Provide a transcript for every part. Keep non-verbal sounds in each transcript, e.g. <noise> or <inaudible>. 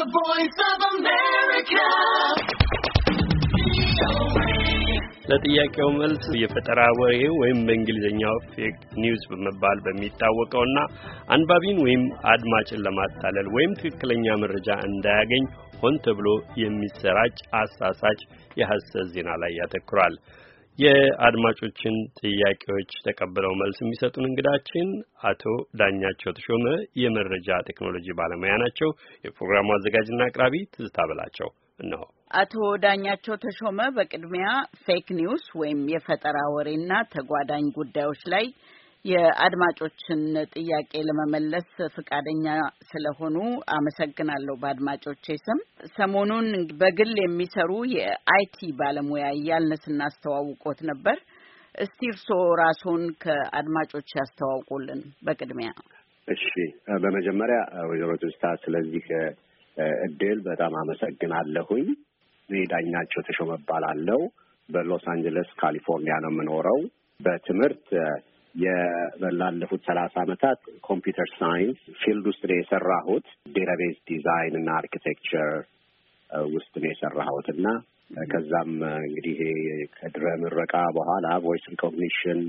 The voice of America. ለጥያቄው መልስ የፈጠራ ወሬ ወይም በእንግሊዝኛው ፌክ ኒውስ በመባል በሚታወቀውና አንባቢን ወይም አድማጭን ለማታለል ወይም ትክክለኛ መረጃ እንዳያገኝ ሆን ተብሎ የሚሰራጭ አሳሳች የሐሰት ዜና ላይ ያተኩራል። የአድማጮችን ጥያቄዎች ተቀብለው መልስ የሚሰጡን እንግዳችን አቶ ዳኛቸው ተሾመ የመረጃ ቴክኖሎጂ ባለሙያ ናቸው። የፕሮግራሙ አዘጋጅና አቅራቢ ትዝታ በላቸው እነሆ። አቶ ዳኛቸው ተሾመ፣ በቅድሚያ ፌክ ኒውስ ወይም የፈጠራ ወሬና ተጓዳኝ ጉዳዮች ላይ የአድማጮችን ጥያቄ ለመመለስ ፈቃደኛ ስለሆኑ አመሰግናለሁ። በአድማጮቼ ስም ሰሞኑን በግል የሚሰሩ የአይቲ ባለሙያ እያልን ስናስተዋውቆት ነበር። እስቲ እርስዎ ራስዎን ከአድማጮች ያስተዋውቁልን በቅድሚያ። እሺ፣ በመጀመሪያ ወይዘሮ ትዝታ ስለዚህ እድል በጣም አመሰግናለሁኝ። እኔ ዳኛቸው ተሾመ እባላለሁ። በሎስ አንጀለስ ካሊፎርኒያ ነው የምኖረው። በትምህርት የላለፉት ሰላሳ ዓመታት ኮምፒውተር ሳይንስ ፊልድ ውስጥ ነው የሰራሁት። ዴታቤዝ ዲዛይን እና አርኪቴክቸር ውስጥ ነው የሰራሁት እና ከዛም እንግዲህ ከድረ ምረቃ በኋላ ቮይስ ሪኮግኒሽን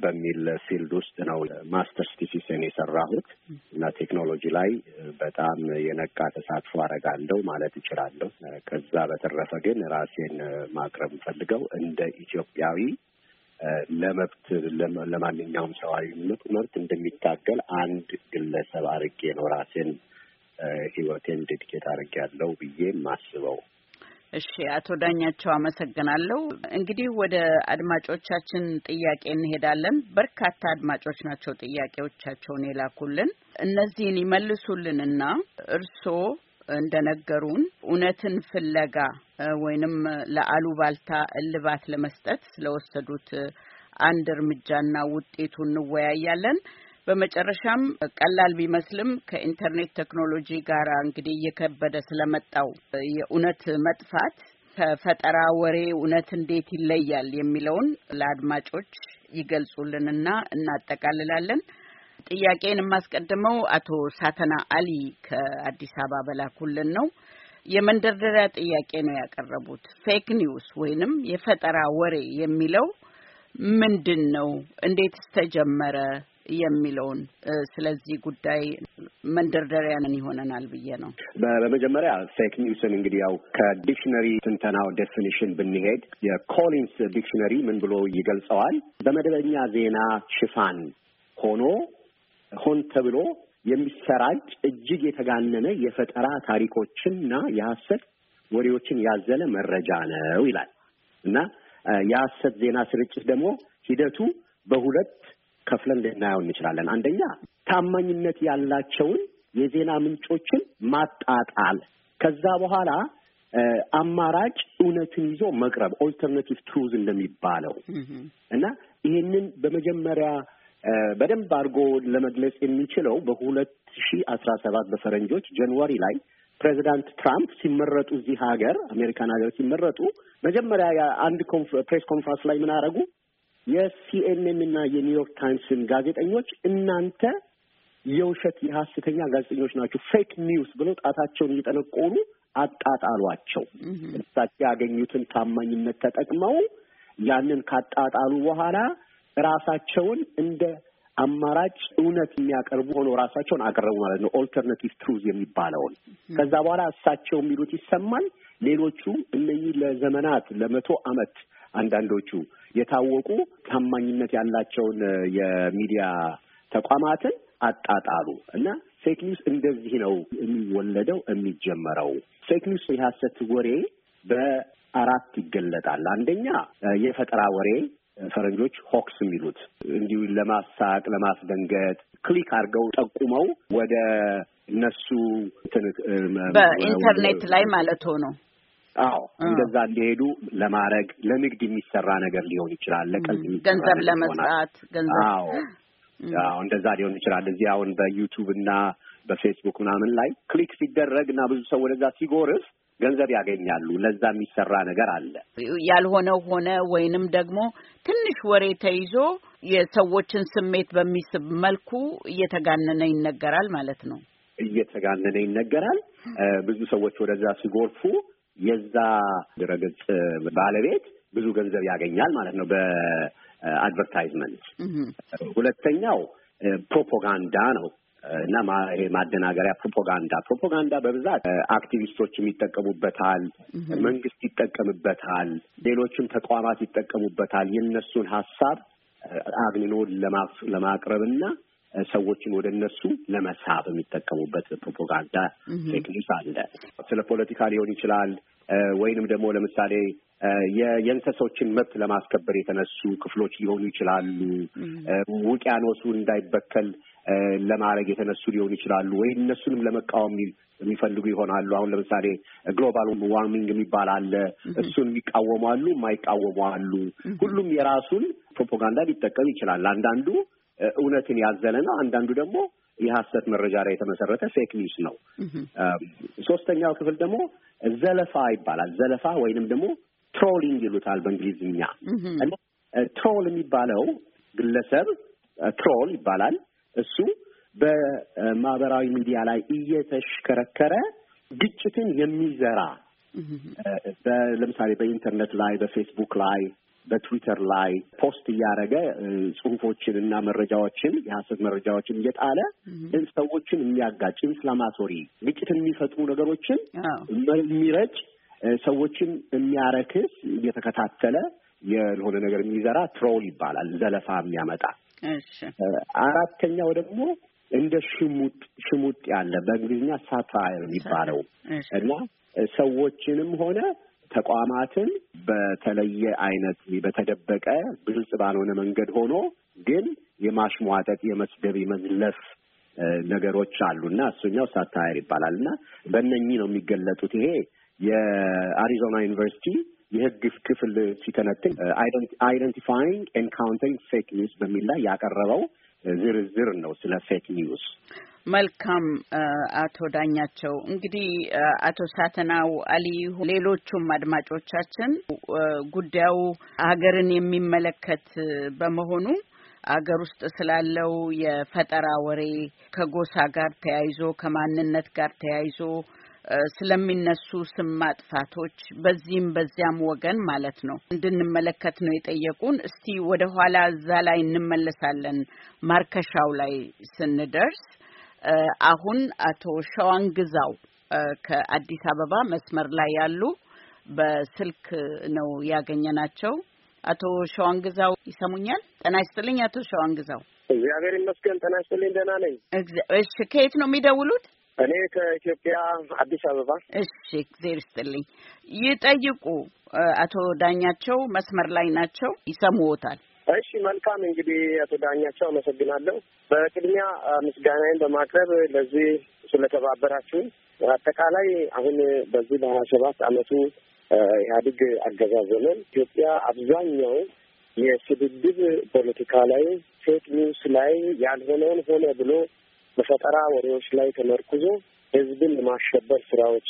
በሚል ፊልድ ውስጥ ነው ማስተርስ ቲሲስን የሰራሁት እና ቴክኖሎጂ ላይ በጣም የነቃ ተሳትፎ አደርጋለሁ ማለት እችላለሁ። ከዛ በተረፈ ግን ራሴን ማቅረብ ፈልገው እንደ ኢትዮጵያዊ ለመብት ለማንኛውም ሰብአዊነት መብት እንደሚታገል አንድ ግለሰብ አድርጌ ነው ራሴን ህይወቴን ዴዲኬት አድርጌ ያለው ብዬ ማስበው። እሺ፣ አቶ ዳኛቸው አመሰግናለሁ። እንግዲህ ወደ አድማጮቻችን ጥያቄ እንሄዳለን። በርካታ አድማጮች ናቸው ጥያቄዎቻቸውን የላኩልን። እነዚህን ይመልሱልንና እርስዎ እንደነገሩን እውነትን ፍለጋ ወይንም ለአሉባልታ እልባት ለመስጠት ስለወሰዱት አንድ እርምጃና ውጤቱ እንወያያለን። በመጨረሻም ቀላል ቢመስልም ከኢንተርኔት ቴክኖሎጂ ጋር እንግዲህ እየከበደ ስለመጣው የእውነት መጥፋት ከፈጠራ ወሬ እውነት እንዴት ይለያል የሚለውን ለአድማጮች ይገልጹልንና እናጠቃልላለን። ጥያቄን የማስቀድመው አቶ ሳተና አሊ ከአዲስ አበባ በላኩልን ነው። የመንደርደሪያ ጥያቄ ነው ያቀረቡት። ፌክ ኒውስ ወይንም የፈጠራ ወሬ የሚለው ምንድን ነው? እንዴትስ ተጀመረ? የሚለውን ስለዚህ ጉዳይ መንደርደሪያን ይሆነናል ብዬ ነው። በመጀመሪያ ፌክ ኒውስን እንግዲህ ያው ከዲክሽነሪ ትንተናው ዴፊኒሽን ብንሄድ የኮሊንስ ዲክሽነሪ ምን ብሎ ይገልጸዋል? በመደበኛ ዜና ሽፋን ሆኖ ሆን ተብሎ የሚሰራጭ እጅግ የተጋነነ የፈጠራ ታሪኮችንና የሐሰት ወሬዎችን ያዘለ መረጃ ነው ይላል እና የሐሰት ዜና ስርጭት ደግሞ ሂደቱ በሁለት ከፍለን ልናየው እንችላለን። አንደኛ ታማኝነት ያላቸውን የዜና ምንጮችን ማጣጣል፣ ከዛ በኋላ አማራጭ እውነትን ይዞ መቅረብ ኦልተርናቲቭ ትሩዝ እንደሚባለው እና ይህንን በመጀመሪያ በደንብ አድርጎ ለመግለጽ የሚችለው በሁለት ሺ አስራ ሰባት በፈረንጆች ጃንዋሪ ላይ ፕሬዚዳንት ትራምፕ ሲመረጡ እዚህ ሀገር አሜሪካን ሀገር ሲመረጡ መጀመሪያ አንድ ፕሬስ ኮንፈረንስ ላይ ምን አረጉ? የሲኤንኤን እና የኒውዮርክ ታይምስን ጋዜጠኞች እናንተ የውሸት የሀሰተኛ ጋዜጠኞች ናቸው፣ ፌክ ኒውስ ብለው ጣታቸውን እየጠነቆሉ አጣጣሏቸው። እሳቸው ያገኙትን ታማኝነት ተጠቅመው ያንን ካጣጣሉ በኋላ ራሳቸውን እንደ አማራጭ እውነት የሚያቀርቡ ሆኖ ራሳቸውን አቀረቡ ማለት ነው። ኦልተርናቲቭ ትሩዝ የሚባለውን ከዛ በኋላ እሳቸው የሚሉት ይሰማል። ሌሎቹ እነኚህ ለዘመናት ለመቶ ዓመት አንዳንዶቹ የታወቁ ታማኝነት ያላቸውን የሚዲያ ተቋማትን አጣጣሉ እና ፌክ ኒውስ እንደዚህ ነው የሚወለደው የሚጀመረው። ፌክ ኒውስ የሐሰት ወሬ በአራት ይገለጣል። አንደኛ የፈጠራ ወሬ ፈረንጆች ሆክስ የሚሉት እንዲሁ ለማሳቅ ለማስደንገጥ ክሊክ አድርገው ጠቁመው ወደ እነሱ በኢንተርኔት ላይ ማለት ሆኖ አዎ እንደዛ እንዲሄዱ ለማድረግ ለንግድ የሚሰራ ነገር ሊሆን ይችላል። ለቀልድ ገንዘብ ለመስራት ገንዘብ አዎ አዎ እንደዛ ሊሆን ይችላል። እዚህ አሁን በዩቱብ እና በፌስቡክ ምናምን ላይ ክሊክ ሲደረግ እና ብዙ ሰው ወደዛ ሲጎርፍ ገንዘብ ያገኛሉ። ለዛ የሚሰራ ነገር አለ። ያልሆነው ሆነ ወይንም ደግሞ ትንሽ ወሬ ተይዞ የሰዎችን ስሜት በሚስብ መልኩ እየተጋነነ ይነገራል ማለት ነው። እየተጋነነ ይነገራል። ብዙ ሰዎች ወደዛ ሲጎርፉ የዛ ድረገጽ ባለቤት ብዙ ገንዘብ ያገኛል ማለት ነው በአድቨርታይዝመንት። ሁለተኛው ፕሮፓጋንዳ ነው። እና ይሄ ማደናገሪያ ፕሮፓጋንዳ ፕሮፓጋንዳ በብዛት አክቲቪስቶችም ይጠቀሙበታል፣ መንግስት ይጠቀምበታል፣ ሌሎችም ተቋማት ይጠቀሙበታል። የነሱን ሀሳብ ለማቅረብ እና ሰዎችን ወደ እነሱ ለመሳብ የሚጠቀሙበት ፕሮፓጋንዳ ቴክኒክ አለ። ስለ ፖለቲካ ሊሆን ይችላል ወይንም ደግሞ ለምሳሌ የእንሰሶችን መብት ለማስከበር የተነሱ ክፍሎች ሊሆኑ ይችላሉ። ውቅያኖሱ እንዳይበከል ለማድረግ የተነሱ ሊሆኑ ይችላሉ ወይ እነሱንም ለመቃወም የሚፈልጉ ይሆናሉ። አሁን ለምሳሌ ግሎባል ዋርሚንግ የሚባል አለ። እሱን የሚቃወሙ አሉ፣ የማይቃወሙ አሉ። ሁሉም የራሱን ፕሮፓጋንዳ ሊጠቀም ይችላል። አንዳንዱ እውነትን ያዘለ ነው፣ አንዳንዱ ደግሞ የሐሰት መረጃ ላይ የተመሰረተ ፌክ ኒውስ ነው። ሶስተኛው ክፍል ደግሞ ዘለፋ ይባላል። ዘለፋ ወይንም ደግሞ ትሮሊንግ ይሉታል በእንግሊዝኛ እና ትሮል የሚባለው ግለሰብ ትሮል ይባላል። እሱ በማህበራዊ ሚዲያ ላይ እየተሽከረከረ ግጭትን የሚዘራ ለምሳሌ በኢንተርኔት ላይ፣ በፌስቡክ ላይ፣ በትዊተር ላይ ፖስት እያደረገ ጽሁፎችን እና መረጃዎችን የሀሰት መረጃዎችን እየጣለ ሰዎችን የሚያጋጭ ኢንፍላማቶሪ ግጭትን የሚፈጥሩ ነገሮችን የሚረጭ ሰዎችን የሚያረክስ እየተከታተለ የሆነ ነገር የሚዘራ ትሮል ይባላል፣ ዘለፋ የሚያመጣ አራተኛው ደግሞ እንደ ሽሙጥ ሽሙጥ ያለ በእንግሊዝኛ ሳታየር የሚባለው እና ሰዎችንም ሆነ ተቋማትን በተለየ አይነት በተደበቀ ግልጽ ባልሆነ መንገድ ሆኖ ግን የማሽሟጠጥ የመስደብ፣ የመዝለፍ ነገሮች አሉ እና እሱኛው ሳታየር ይባላል እና በእነኚህ ነው የሚገለጡት ይሄ የአሪዞና ዩኒቨርሲቲ የህግ ክፍል ሲተነትን አይደንቲፋይንግ ኤን ካውንተሪንግ ፌክ ኒውስ በሚል ላይ ያቀረበው ዝርዝር ነው ስለ ፌክ ኒውስ። መልካም አቶ ዳኛቸው እንግዲህ አቶ ሳተናው አሊ፣ ሌሎቹም አድማጮቻችን ጉዳዩ ሀገርን የሚመለከት በመሆኑ አገር ውስጥ ስላለው የፈጠራ ወሬ ከጎሳ ጋር ተያይዞ ከማንነት ጋር ተያይዞ ስለሚነሱ ስም ማጥፋቶች በዚህም በዚያም ወገን ማለት ነው እንድንመለከት ነው የጠየቁን። እስቲ ወደ ኋላ እዛ ላይ እንመለሳለን ማርከሻው ላይ ስንደርስ። አሁን አቶ ሸዋን ግዛው ከአዲስ አበባ መስመር ላይ ያሉ በስልክ ነው ናቸው። አቶ ሸዋን ግዛው ይሰሙኛል? ጤና ይስጥልኝ አቶ ሸዋን ግዛው። እግዚአብሔር ይመስገን። ጤና ይስጥልኝ። ደህና ነኝ። እሺ፣ ከየት ነው የሚደውሉት? እኔ ከኢትዮጵያ አዲስ አበባ። እሺ፣ እግዜር ይስጥልኝ። ይጠይቁ አቶ ዳኛቸው መስመር ላይ ናቸው፣ ይሰሙዎታል። እሺ፣ መልካም እንግዲህ አቶ ዳኛቸው አመሰግናለሁ። በቅድሚያ ምስጋናዬን በማቅረብ ለዚህ ስለተባበራችሁን አጠቃላይ አሁን በዚህ በሀያ ሰባት አመቱ ኢህአዴግ አገዛዝ ዘመን ኢትዮጵያ አብዛኛው የስድድብ ፖለቲካ ላይ ፌክ ኒውስ ላይ ያልሆነውን ሆነ ብሎ በፈጠራ ወሬዎች ላይ ተመርኩዞ ህዝብን ማሸበር ስራዎች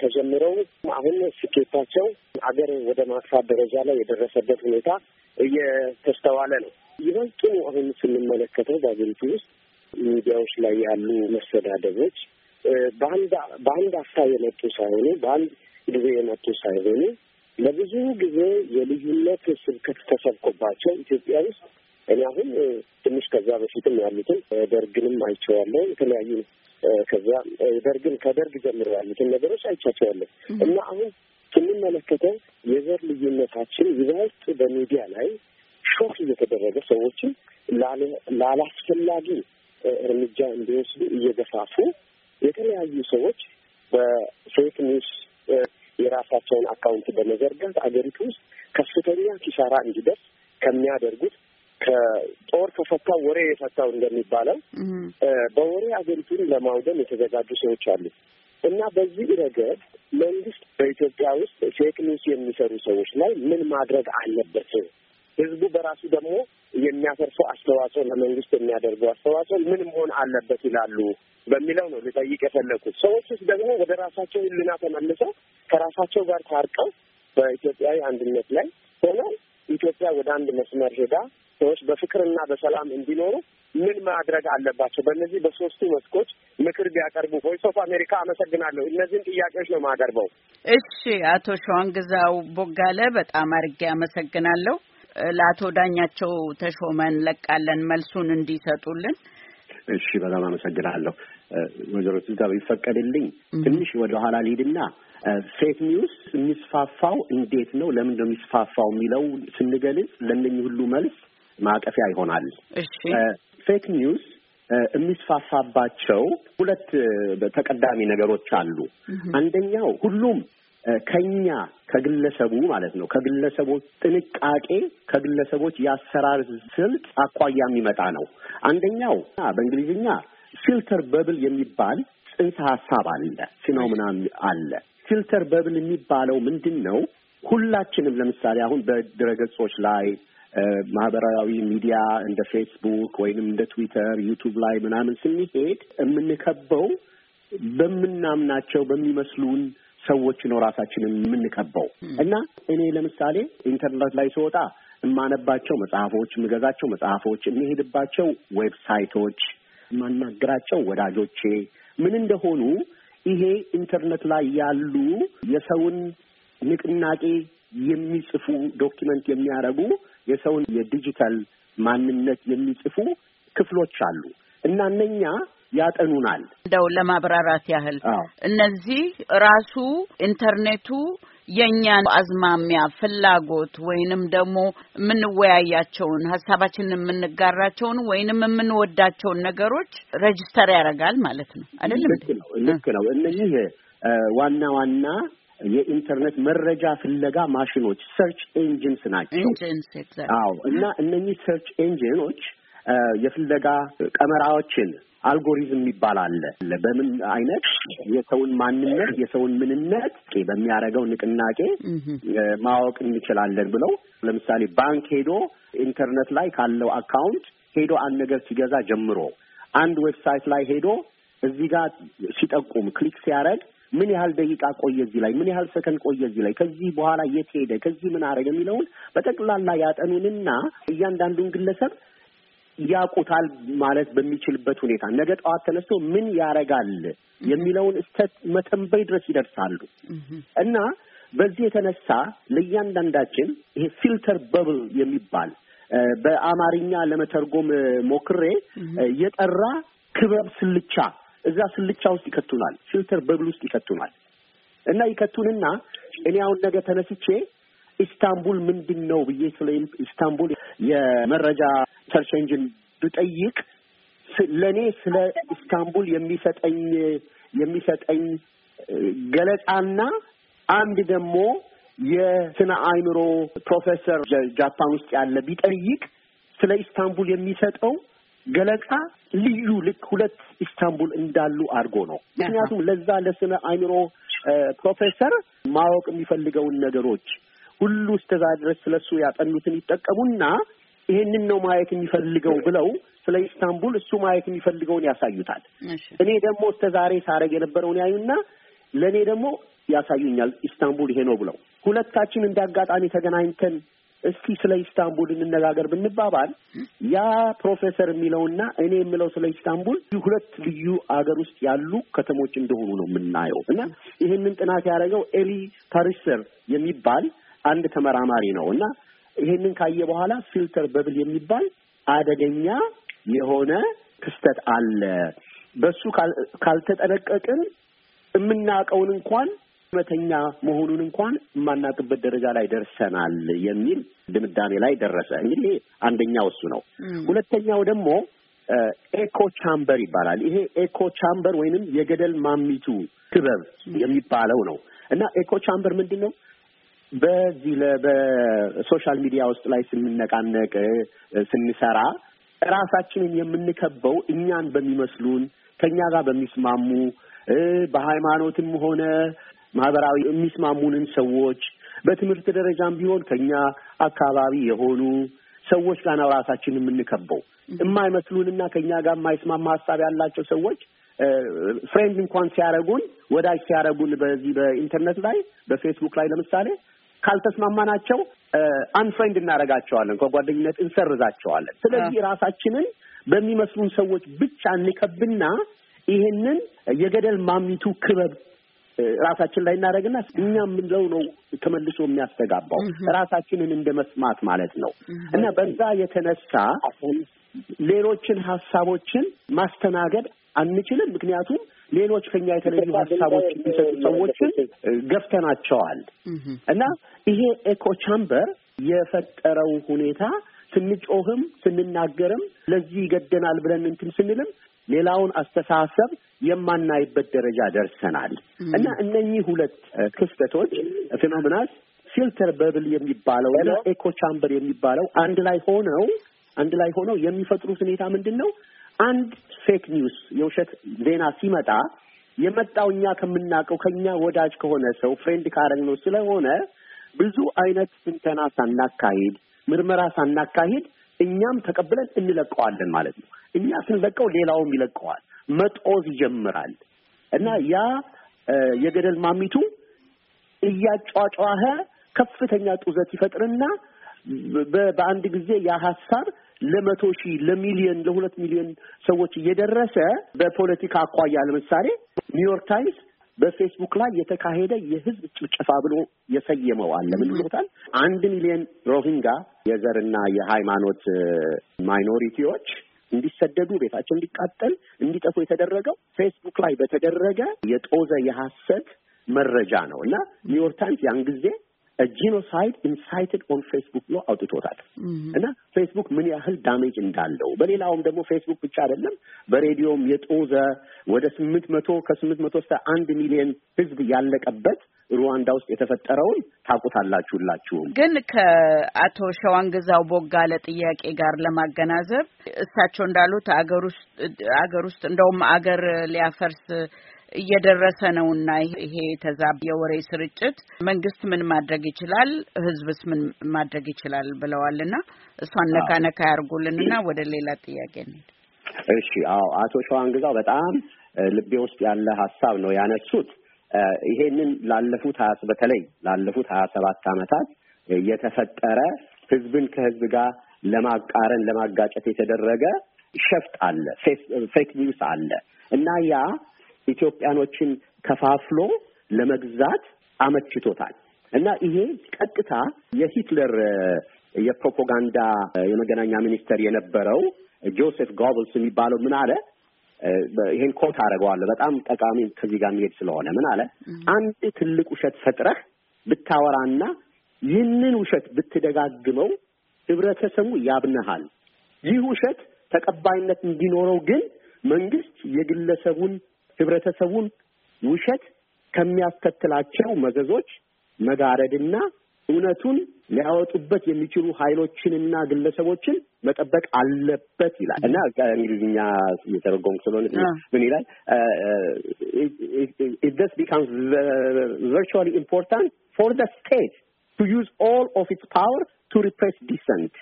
ተጀምረው አሁን ስኬታቸው አገር ወደ ማጥፋት ደረጃ ላይ የደረሰበት ሁኔታ እየተስተዋለ ነው። ይበልጡኑ አሁን ስንመለከተው በአገሪቱ ውስጥ ሚዲያዎች ላይ ያሉ መሰዳደቦች በአንድ ሀሳብ የመጡ ሳይሆኑ በአንድ ጊዜ የመጡ ሳይሆኑ ለብዙ ጊዜ የልዩነት ስብከት ተሰብኮባቸው ኢትዮጵያ ውስጥ እኔ አሁን ትንሽ ከዛ በፊትም ያሉትን ደርግንም አይቼዋለሁ የተለያዩ ከዛ ደርግን ከደርግ ጀምሮ ያሉትን ነገሮች አይቻቸዋለሁ እና አሁን ስንመለከተው የዘር ልዩነታችን ይበልጥ በሚዲያ ላይ ሾክ እየተደረገ ሰዎችም ላላስፈላጊ እርምጃ እንዲወስዱ እየገፋፉ የተለያዩ ሰዎች በፌክ ኒውስ የራሳቸውን አካውንት በመዘርጋት አገሪቱ ውስጥ ከፍተኛ ኪሳራ እንዲደርስ ከሚያደርጉት ጦር ከፈታው ወሬ የፈታው እንደሚባለው በወሬ አገሪቱን ለማውደም የተዘጋጁ ሰዎች አሉ እና በዚህ ረገድ መንግስት በኢትዮጵያ ውስጥ ፌክ ኒውስ የሚሰሩ ሰዎች ላይ ምን ማድረግ አለበት? ህዝቡ በራሱ ደግሞ የሚያተርፈው አስተዋጽኦ ለመንግስት የሚያደርገው አስተዋጽኦ ምን መሆን አለበት ይላሉ በሚለው ነው ልጠይቅ የፈለግኩት። ሰዎች ውስጥ ደግሞ ወደ ራሳቸው ህልና ተመልሰው ከራሳቸው ጋር ታርቀው በኢትዮጵያዊ አንድነት ላይ ሆነው ኢትዮጵያ ወደ አንድ መስመር ሄዳ ሰዎች በፍቅርና በሰላም እንዲኖሩ ምን ማድረግ አለባቸው? በእነዚህ በሶስቱ መስኮች ምክር ቢያቀርቡ። ቮይስ ኦፍ አሜሪካ አመሰግናለሁ። እነዚህን ጥያቄዎች ነው የማቀርበው። እሺ፣ አቶ ሸዋንግዛው ቦጋለ በጣም አድርጌ አመሰግናለሁ። ለአቶ ዳኛቸው ተሾመን ለቃለን መልሱን እንዲሰጡልን። እሺ፣ በጣም አመሰግናለሁ። ወይዘሮ ትዝታ ይፈቀድልኝ ትንሽ ወደኋላ ሊሄድና ፌክ ኒውስ የሚስፋፋው እንዴት ነው? ለምንድን ነው የሚስፋፋው የሚለው ስንገልጽ ለእነኝህ ሁሉ መልስ ማቀፊያ ይሆናል። ፌክ ኒውስ የሚስፋፋባቸው ሁለት ተቀዳሚ ነገሮች አሉ። አንደኛው ሁሉም ከኛ ከግለሰቡ ማለት ነው ከግለሰቦች ጥንቃቄ ከግለሰቦች የአሰራር ስልት አኳያ የሚመጣ ነው። አንደኛው በእንግሊዝኛ ፊልተር በብል የሚባል ጽንሰ ሀሳብ አለ፣ ፊኖምና አለ። ፊልተር በብል የሚባለው ምንድን ነው? ሁላችንም ለምሳሌ አሁን በድረገጾች ላይ ማህበራዊ ሚዲያ እንደ ፌስቡክ ወይንም እንደ ትዊተር፣ ዩቱብ ላይ ምናምን ስንሄድ የምንከበው በምናምናቸው በሚመስሉን ሰዎች ነው ራሳችንን የምንከበው እና እኔ ለምሳሌ ኢንተርኔት ላይ ስወጣ የማነባቸው መጽሐፎች፣ የምገዛቸው መጽሐፎች፣ የሚሄድባቸው ዌብሳይቶች የማናገራቸው ወዳጆቼ ምን እንደሆኑ ይሄ ኢንተርኔት ላይ ያሉ የሰውን ንቅናቄ የሚጽፉ ዶኪመንት የሚያደርጉ የሰውን የዲጂታል ማንነት የሚጽፉ ክፍሎች አሉ እና እነኛ ያጠኑናል። እንደው ለማብራራት ያህል እነዚህ ራሱ ኢንተርኔቱ የእኛን አዝማሚያ ፍላጎት ወይንም ደግሞ የምንወያያቸውን ሀሳባችንን የምንጋራቸውን ወይንም የምንወዳቸውን ነገሮች ረጅስተር ያደርጋል ማለት ነው። አይደለም? ልክ ነው። እነዚህ ዋና ዋና የኢንተርኔት መረጃ ፍለጋ ማሽኖች ሰርች ኤንጂንስ ናቸው። አዎ። እና እነኚህ ሰርች ኤንጂኖች የፍለጋ ቀመራዎችን አልጎሪዝም የሚባል አለ። በምን አይነት የሰውን ማንነት የሰውን ምንነት በሚያደርገው ንቅናቄ ማወቅ እንችላለን ብለው ለምሳሌ ባንክ ሄዶ ኢንተርኔት ላይ ካለው አካውንት ሄዶ አንድ ነገር ሲገዛ ጀምሮ አንድ ዌብሳይት ላይ ሄዶ እዚህ ጋር ሲጠቁም ክሊክ ሲያደርግ ምን ያህል ደቂቃ ቆየ እዚህ ላይ፣ ምን ያህል ሰከንድ ቆየ እዚህ ላይ፣ ከዚህ በኋላ የት ሄደ፣ ከዚህ ምን አደረገ የሚለውን በጠቅላላ ያጠኑንና እያንዳንዱን ግለሰብ ያውቁታል ማለት በሚችልበት ሁኔታ ነገ ጠዋት ተነስቶ ምን ያረጋል የሚለውን እስከ መተንበይ ድረስ ይደርሳሉ እና በዚህ የተነሳ ለእያንዳንዳችን ይሄ ፊልተር በብል የሚባል በአማርኛ ለመተርጎም ሞክሬ የጠራ ክበብ ስልቻ እዛ ስልቻ ውስጥ ይከቱናል። ፊልተር በብል ውስጥ ይከቱናል እና ይከቱንና እኔ አሁን ነገ ተነስቼ ኢስታንቡል ምንድን ነው ብዬ ስለ ኢስታንቡል የመረጃ ሰርች ኤንጂን ብጠይቅ ለእኔ ስለ ኢስታንቡል የሚሰጠኝ የሚሰጠኝ ገለጻና አንድ ደግሞ የስነ አእምሮ ፕሮፌሰር ጃፓን ውስጥ ያለ ቢጠይቅ ስለ ኢስታንቡል የሚሰጠው ገለጻ ልዩ ልክ ሁለት ኢስታንቡል እንዳሉ አድርጎ ነው። ምክንያቱም ለዛ ለስነ አይምሮ ፕሮፌሰር ማወቅ የሚፈልገውን ነገሮች ሁሉ እስከዛ ድረስ ስለሱ ያጠኑትን ይጠቀሙና ይሄንን ነው ማየት የሚፈልገው ብለው ስለ ኢስታንቡል እሱ ማየት የሚፈልገውን ያሳዩታል። እኔ ደግሞ እስከ ዛሬ ሳረግ የነበረውን ያዩና ለእኔ ደግሞ ያሳዩኛል። ኢስታንቡል ይሄ ነው ብለው ሁለታችን እንደ አጋጣሚ ተገናኝተን እስኪ ስለ ኢስታንቡል እንነጋገር ብንባባል ያ ፕሮፌሰር የሚለውና እኔ የምለው ስለ ኢስታንቡል ሁለት ልዩ አገር ውስጥ ያሉ ከተሞች እንደሆኑ ነው የምናየው እና ይህንን ጥናት ያደረገው ኤሊ ፓሪሰር የሚባል አንድ ተመራማሪ ነው እና ይሄንን ካየ በኋላ ፊልተር በብል የሚባል አደገኛ የሆነ ክስተት አለ። በሱ ካልተጠነቀቅን የምናውቀውን እንኳን እውነተኛ መሆኑን እንኳን የማናውቅበት ደረጃ ላይ ደርሰናል የሚል ድምዳሜ ላይ ደረሰ። እንግዲህ አንደኛው እሱ ነው። ሁለተኛው ደግሞ ኤኮ ቻምበር ይባላል። ይሄ ኤኮ ቻምበር ወይንም የገደል ማሚቱ ክበብ የሚባለው ነው እና ኤኮ ቻምበር ምንድን ነው? በዚህ በሶሻል ሚዲያ ውስጥ ላይ ስንነቃነቅ ስንሰራ ራሳችንን የምንከበው እኛን በሚመስሉን ከእኛ ጋር በሚስማሙ በሃይማኖትም ሆነ ማህበራዊ የሚስማሙንን ሰዎች በትምህርት ደረጃም ቢሆን ከኛ አካባቢ የሆኑ ሰዎች ጋር ነው ራሳችን የምንከበው። የማይመስሉንና ከኛ ጋር የማይስማማ ሀሳብ ያላቸው ሰዎች ፍሬንድ እንኳን ሲያደርጉን፣ ወዳጅ ሲያደርጉን በዚህ በኢንተርኔት ላይ በፌስቡክ ላይ ለምሳሌ ካልተስማማናቸው አንፍሬንድ እናደርጋቸዋለን፣ ከጓደኝነት እንሰርዛቸዋለን። ስለዚህ ራሳችንን በሚመስሉን ሰዎች ብቻ እንከብና ይሄንን የገደል ማሚቱ ክበብ ራሳችን ላይ እናደረግና እኛ የምንለው ነው ተመልሶ የሚያስተጋባው ራሳችንን እንደ መስማት ማለት ነው እና በዛ የተነሳ ሌሎችን ሀሳቦችን ማስተናገድ አንችልም። ምክንያቱም ሌሎች ከኛ የተለዩ ሀሳቦች የሚሰጡ ሰዎችን ገፍተናቸዋል እና ይሄ ኤኮ ቻምበር የፈጠረው ሁኔታ ስንጮህም ስንናገርም ለዚህ ይገደናል ብለን እንትን ስንልም ሌላውን አስተሳሰብ የማናይበት ደረጃ ደርሰናል እና እነኚህ ሁለት ክስተቶች ፌኖምናስ ፊልተር በብል የሚባለው እና ኤኮ ቻምበር የሚባለው አንድ ላይ ሆነው አንድ ላይ ሆነው የሚፈጥሩት ሁኔታ ምንድን ነው? አንድ ፌክ ኒውስ የውሸት ዜና ሲመጣ የመጣው እኛ ከምናውቀው ከኛ ወዳጅ ከሆነ ሰው ፍሬንድ ካረግ ነው ስለሆነ ብዙ አይነት ስንተና ሳናካሂድ ምርመራ ሳናካሂድ እኛም ተቀብለን እንለቀዋለን ማለት ነው። እኛ ስንለቀው ሌላውም ይለቀዋል፣ መጦዝ ይጀምራል እና ያ የገደል ማሚቱ እያጫጫኸ ከፍተኛ ጡዘት ይፈጥርና በአንድ ጊዜ ያ ሀሳብ ለመቶ ሺህ ለሚሊዮን ለሁለት ሚሊዮን ሰዎች እየደረሰ በፖለቲካ አኳያ ለምሳሌ ኒውዮርክ ታይምስ በፌስቡክ ላይ የተካሄደ የህዝብ ጭፍጨፋ ብሎ የሰየመው አለ። ምን ብሎታል? አንድ ሚሊዮን ሮሂንጋ የዘርና የሃይማኖት ማይኖሪቲዎች እንዲሰደዱ፣ ቤታቸው እንዲቃጠል፣ እንዲጠፉ የተደረገው ፌስቡክ ላይ በተደረገ የጦዘ የሐሰት መረጃ ነው እና ኒውዮርክ ታይምስ ያን ጊዜ ጂኖሳይድ ኢንሳይትድ ኦን ፌስቡክ ብሎ አውጥቶታል እና ፌስቡክ ምን ያህል ዳሜጅ እንዳለው በሌላውም ደግሞ ፌስቡክ ብቻ አይደለም፣ በሬዲዮም የጦዘ ወደ ስምንት መቶ ከስምንት መቶ እስከ አንድ ሚሊዮን ህዝብ ያለቀበት ሩዋንዳ ውስጥ የተፈጠረውን ታውቁታላችሁላችሁም። ግን ከአቶ ሸዋንግዛው ቦጋለ ጥያቄ ጋር ለማገናዘብ እሳቸው እንዳሉት አገር ውስጥ አገር ውስጥ እንደውም አገር ሊያፈርስ እየደረሰ ነውና ይሄ ተዛብ የወሬ ስርጭት መንግስት ምን ማድረግ ይችላል፣ ህዝብስ ምን ማድረግ ይችላል ብለዋልና እሷን ነካ ነካ ያርጉልንና ወደ ሌላ ጥያቄ እንሂድ። እሺ፣ አዎ አቶ ሸዋን ግዛው በጣም ልቤ ውስጥ ያለ ሀሳብ ነው ያነሱት። ይሄንን ላለፉት በተለይ ላለፉት ሀያ ሰባት አመታት የተፈጠረ ህዝብን ከህዝብ ጋር ለማቃረን ለማጋጨት የተደረገ ሸፍጥ አለ፣ ፌክ ኒውስ አለ እና ያ ኢትዮጵያኖችን ከፋፍሎ ለመግዛት አመችቶታል እና ይሄ ቀጥታ የሂትለር የፕሮፓጋንዳ የመገናኛ ሚኒስተር የነበረው ጆሴፍ ጎብልስ የሚባለው ምን አለ? ይሄን ኮት አደርገዋለሁ። በጣም ጠቃሚ ከዚህ ጋር የሚሄድ ስለሆነ ምን አለ? አንድ ትልቅ ውሸት ፈጥረህ ብታወራና ይህንን ውሸት ብትደጋግመው ህብረተሰቡ ያብነሃል። ይህ ውሸት ተቀባይነት እንዲኖረው ግን መንግስት የግለሰቡን ህብረተሰቡን ውሸት ከሚያስከትላቸው መዘዞች መጋረድና እውነቱን ሊያወጡበት የሚችሉ ኃይሎችንና ግለሰቦችን መጠበቅ አለበት ይላል እና እንግሊዝኛ የተረጎም ስለሆነ ምን ይላል? this becomes virtually ኢምፖርታንት ፎር the state to use all of its power to repress dissent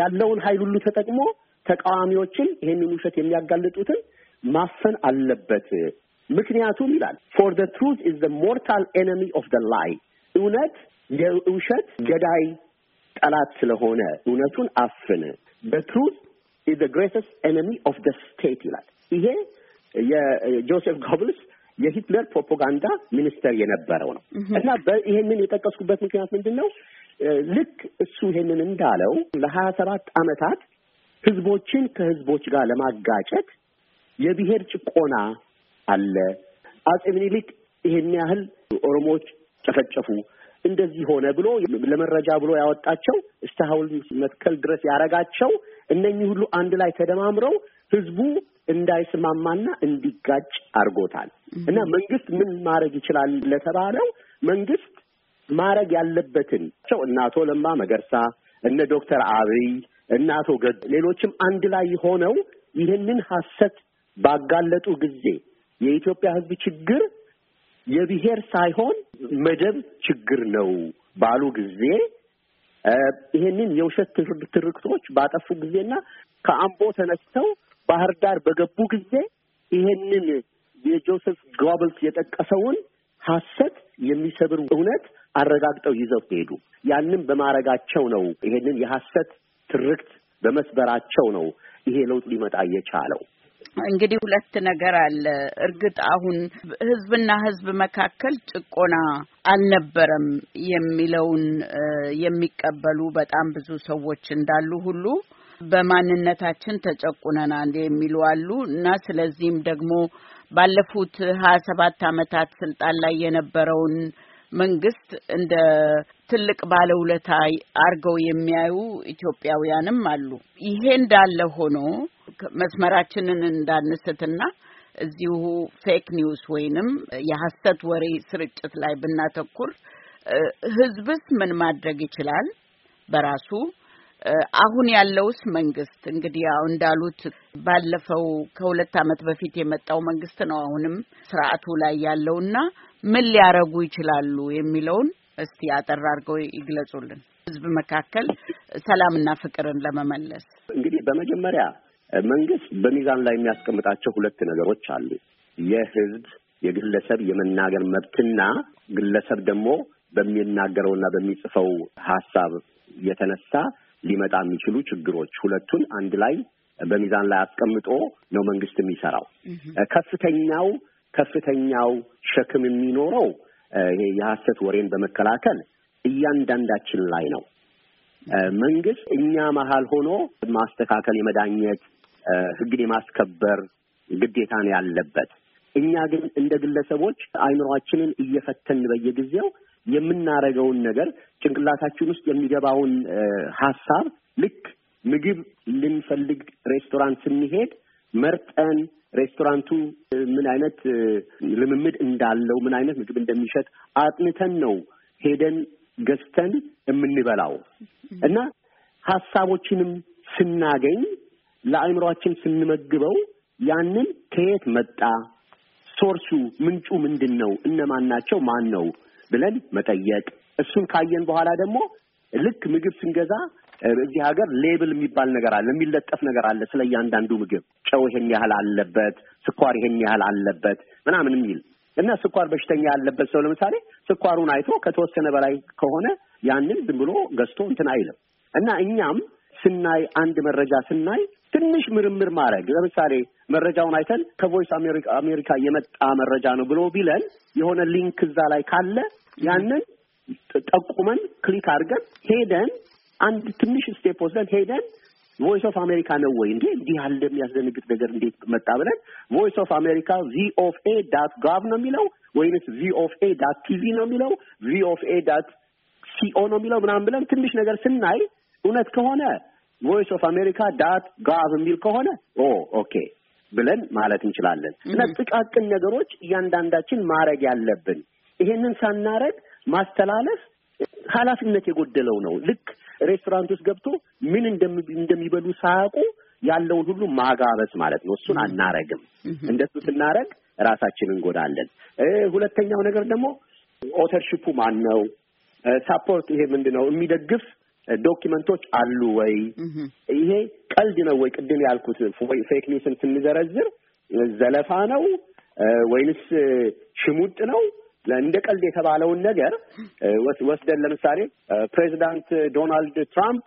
ያለውን ኃይል ሁሉ ተጠቅሞ ተቃዋሚዎችን ይሄንን ውሸት የሚያጋልጡትን ማፈን አለበት። ምክንያቱም ይላል ፎር ደ ትሩዝ ኢዝ ሞርታል ኤነሚ ኦፍ ደ ላይ እውነት የውሸት ገዳይ ጠላት ስለሆነ እውነቱን አፍን። ደ ትሩዝ ኢዝ ግሬተስት ኤነሚ ኦፍ ደ ስቴት ይላል። ይሄ የጆሴፍ ጎብልስ የሂትለር ፕሮፓጋንዳ ሚኒስተር የነበረው ነው እና ይሄንን የጠቀስኩበት ምክንያት ምንድን ነው? ልክ እሱ ይሄንን እንዳለው ለሀያ ሰባት አመታት ህዝቦችን ከህዝቦች ጋር ለማጋጨት የብሔር ጭቆና አለ። አጼ ምኒልክ ይሄን ያህል ኦሮሞዎች ጨፈጨፉ እንደዚህ ሆነ ብሎ ለመረጃ ብሎ ያወጣቸው እስከ ሐውልት መትከል ድረስ ያረጋቸው እነኚህ ሁሉ አንድ ላይ ተደማምረው ህዝቡ እንዳይስማማና እንዲጋጭ አድርጎታል። እና መንግስት ምን ማድረግ ይችላል ለተባለው መንግስት ማድረግ ያለበትን እነ አቶ ለማ መገርሳ እነ ዶክተር አብይ እነ አቶ ገዱ ሌሎችም አንድ ላይ ሆነው ይህንን ሀሰት ባጋለጡ ጊዜ የኢትዮጵያ ሕዝብ ችግር የብሔር ሳይሆን መደብ ችግር ነው ባሉ ጊዜ ይሄንን የውሸት ትርክቶች ባጠፉ ጊዜና ከአምቦ ተነስተው ባህር ዳር በገቡ ጊዜ ይሄንን የጆሴፍ ጎብልስ የጠቀሰውን ሐሰት የሚሰብር እውነት አረጋግጠው ይዘው ሄዱ። ያንን በማረጋቸው ነው፣ ይሄንን የሐሰት ትርክት በመስበራቸው ነው ይሄ ለውጥ ሊመጣ የቻለው። እንግዲህ ሁለት ነገር አለ። እርግጥ አሁን ህዝብና ህዝብ መካከል ጭቆና አልነበረም የሚለውን የሚቀበሉ በጣም ብዙ ሰዎች እንዳሉ ሁሉ በማንነታችን ተጨቁነናል የሚሉ አሉ እና ስለዚህም ደግሞ ባለፉት ሀያ ሰባት አመታት ስልጣን ላይ የነበረውን መንግስት እንደ ትልቅ ባለውለታ አድርገው የሚያዩ ኢትዮጵያውያንም አሉ። ይሄ እንዳለ ሆኖ መስመራችንን እንዳንስትና እዚሁ ፌክ ኒውስ ወይንም የሐሰት ወሬ ስርጭት ላይ ብናተኩር ህዝብስ ምን ማድረግ ይችላል? በራሱ አሁን ያለውስ መንግስት እንግዲህ ያው እንዳሉት ባለፈው ከሁለት ዓመት በፊት የመጣው መንግስት ነው አሁንም ስርዓቱ ላይ ያለውና ምን ሊያረጉ ይችላሉ የሚለውን እስቲ አጠር አድርገው ይግለጹልን። ህዝብ መካከል ሰላምና ፍቅርን ለመመለስ እንግዲህ በመጀመሪያ መንግስት በሚዛን ላይ የሚያስቀምጣቸው ሁለት ነገሮች አሉ። የህዝብ የግለሰብ የመናገር መብትና ግለሰብ ደግሞ በሚናገረውና በሚጽፈው ሀሳብ የተነሳ ሊመጣ የሚችሉ ችግሮች ሁለቱን አንድ ላይ በሚዛን ላይ አስቀምጦ ነው መንግስት የሚሰራው። ከፍተኛው ከፍተኛው ሸክም የሚኖረው ይሄ የሀሰት ወሬን በመከላከል እያንዳንዳችን ላይ ነው። መንግስት እኛ መሀል ሆኖ ማስተካከል የመዳኘት ህግን የማስከበር ግዴታ ነው ያለበት እኛ ግን እንደ ግለሰቦች አይምሯችንን እየፈተን በየጊዜው የምናደርገውን ነገር ጭንቅላታችን ውስጥ የሚገባውን ሀሳብ ልክ ምግብ ልንፈልግ ሬስቶራንት ስንሄድ መርጠን ሬስቶራንቱ ምን አይነት ልምምድ እንዳለው ምን አይነት ምግብ እንደሚሸጥ አጥንተን ነው ሄደን ገዝተን የምንበላው እና ሀሳቦችንም ስናገኝ ለአእምሯችን ስንመግበው ያንን ከየት መጣ፣ ሶርሱ ምንጩ ምንድን ነው፣ እነማን ናቸው፣ ማን ነው ብለን መጠየቅ። እሱን ካየን በኋላ ደግሞ ልክ ምግብ ስንገዛ እዚህ ሀገር ሌብል የሚባል ነገር አለ፣ የሚለጠፍ ነገር አለ። ስለ እያንዳንዱ ምግብ ጨው ይሄን ያህል አለበት፣ ስኳር ይሄን ያህል አለበት ምናምን የሚል እና ስኳር በሽተኛ ያለበት ሰው ለምሳሌ ስኳሩን አይቶ ከተወሰነ በላይ ከሆነ ያንን ዝም ብሎ ገዝቶ እንትን አይልም። እና እኛም ስናይ አንድ መረጃ ስናይ ትንሽ ምርምር ማድረግ ለምሳሌ መረጃውን አይተን ከቮይስ አሜሪካ የመጣ መረጃ ነው ብሎ ቢለን የሆነ ሊንክ እዛ ላይ ካለ ያንን ጠቁመን ክሊክ አድርገን ሄደን አንድ ትንሽ ስቴፕ ወስደን ሄደን ቮይስ ኦፍ አሜሪካ ነው ወይ እንዴ እንዲህ ያለ የሚያስደንግጥ ነገር እንዴት መጣ ብለን ቮይስ ኦፍ አሜሪካ ኤ ዳት ጋቭ ነው የሚለው ወይንስ ኤ ዳት ቲቪ ነው የሚለው ኤ ዳት ሲኦ ነው የሚለው ምናምን ብለን ትንሽ ነገር ስናይ እውነት ከሆነ ቮይስ ኦፍ አሜሪካ ዳት ጋቭ የሚል ከሆነ ኦ ኦኬ ብለን ማለት እንችላለን። እና ጥቃቅን ነገሮች እያንዳንዳችን ማድረግ ያለብን ይሄንን ሳናረግ ማስተላለፍ ኃላፊነት የጎደለው ነው። ልክ ሬስቶራንት ውስጥ ገብቶ ምን እንደሚበሉ ሳያውቁ ያለውን ሁሉ ማጋበዝ ማለት ነው። እሱን አናረግም። እንደሱ ስናረግ ራሳችን እንጎዳለን። ሁለተኛው ነገር ደግሞ ኦተርሽፑ ማን ነው? ሳፖርት ይሄ ምንድን ነው የሚደግፍ ዶኪመንቶች አሉ ወይ? ይሄ ቀልድ ነው ወይ? ቅድም ያልኩት ፌክ ኒውስን ስንዘረዝር ዘለፋ ነው ወይንስ ሽሙጥ ነው? እንደ ቀልድ የተባለውን ነገር ወስደን ለምሳሌ ፕሬዚዳንት ዶናልድ ትራምፕ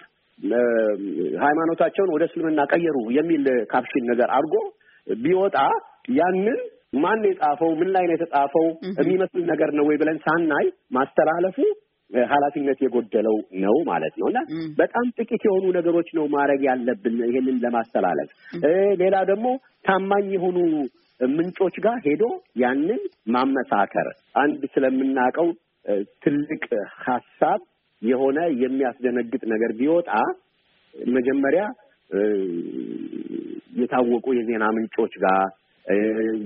ሃይማኖታቸውን ወደ እስልምና ቀየሩ የሚል ካፕሽን ነገር አድርጎ ቢወጣ ያንን ማን የጻፈው ምን ላይ ነው የተጻፈው የሚመስል ነገር ነው ወይ ብለን ሳናይ ማስተላለፉ ኃላፊነት የጎደለው ነው ማለት ነው እና በጣም ጥቂት የሆኑ ነገሮች ነው ማድረግ ያለብን ይህንን ለማስተላለፍ። ሌላ ደግሞ ታማኝ የሆኑ ምንጮች ጋር ሄዶ ያንን ማመሳከር አንድ ስለምናውቀው ትልቅ ሀሳብ የሆነ የሚያስደነግጥ ነገር ቢወጣ መጀመሪያ የታወቁ የዜና ምንጮች ጋር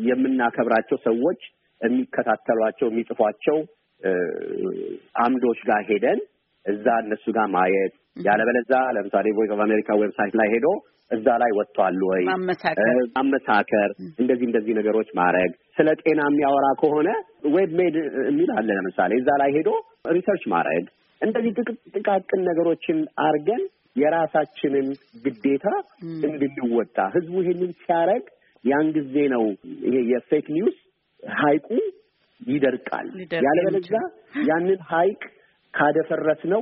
የምናከብራቸው ሰዎች የሚከታተሏቸው የሚጽፏቸው አምዶች ጋር ሄደን እዛ እነሱ ጋር ማየት ያለበለዛ ለምሳሌ ቮይስ ኦፍ አሜሪካ ዌብሳይት ላይ ሄዶ እዛ ላይ ወጥቷል ወይ ማመሳከር፣ እንደዚህ እንደዚህ ነገሮች ማድረግ ስለ ጤና የሚያወራ ከሆነ ዌብ ሜድ የሚል አለ ለምሳሌ እዛ ላይ ሄዶ ሪሰርች ማድረግ እንደዚህ ጥቃቅን ነገሮችን አድርገን የራሳችንን ግዴታ እንድንወጣ ህዝቡ ይሄንን ሲያደርግ ያን ጊዜ ነው ይሄ የፌክ ኒውስ ሀይቁ ይደርቃል። ያለበለዚያ ያንን ሀይቅ ካደፈረስ ነው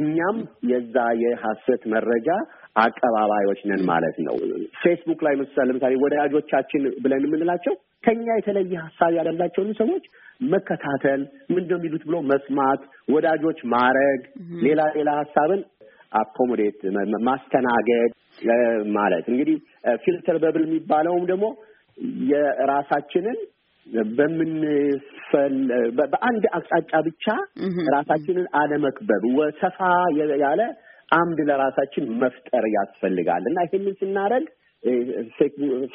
እኛም የዛ የሀሰት መረጃ አቀባባዮች ነን ማለት ነው። ፌስቡክ ላይ ምሳሌ ለምሳሌ ወዳጆቻችን ብለን የምንላቸው ከኛ የተለየ ሀሳብ ያለላቸውን ሰዎች መከታተል፣ ምን የሚሉት ብሎ መስማት፣ ወዳጆች ማረግ፣ ሌላ ሌላ ሀሳብን አኮሞዴት ማስተናገድ ማለት እንግዲህ ፊልተር በብል የሚባለውም ደግሞ የራሳችንን በምንፈል በአንድ አቅጣጫ ብቻ ራሳችንን አለመክበብ ሰፋ ያለ አምድ ለራሳችን መፍጠር ያስፈልጋል እና ይህንን ስናደርግ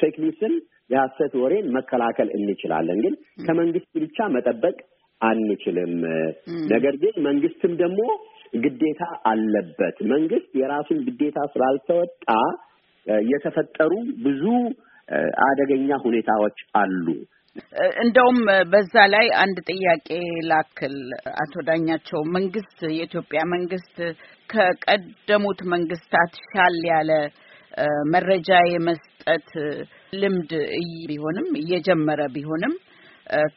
ፌክ ኒውስን የሀሰት ወሬን መከላከል እንችላለን። ግን ከመንግስት ብቻ መጠበቅ አንችልም። ነገር ግን መንግስትም ደግሞ ግዴታ አለበት። መንግስት የራሱን ግዴታ ስላልተወጣ የተፈጠሩ ብዙ አደገኛ ሁኔታዎች አሉ። እንደውም በዛ ላይ አንድ ጥያቄ ላክል። አቶ ዳኛቸው መንግስት የኢትዮጵያ መንግስት ከቀደሙት መንግስታት ሻል ያለ መረጃ የመስጠት ልምድ ቢሆንም እየጀመረ ቢሆንም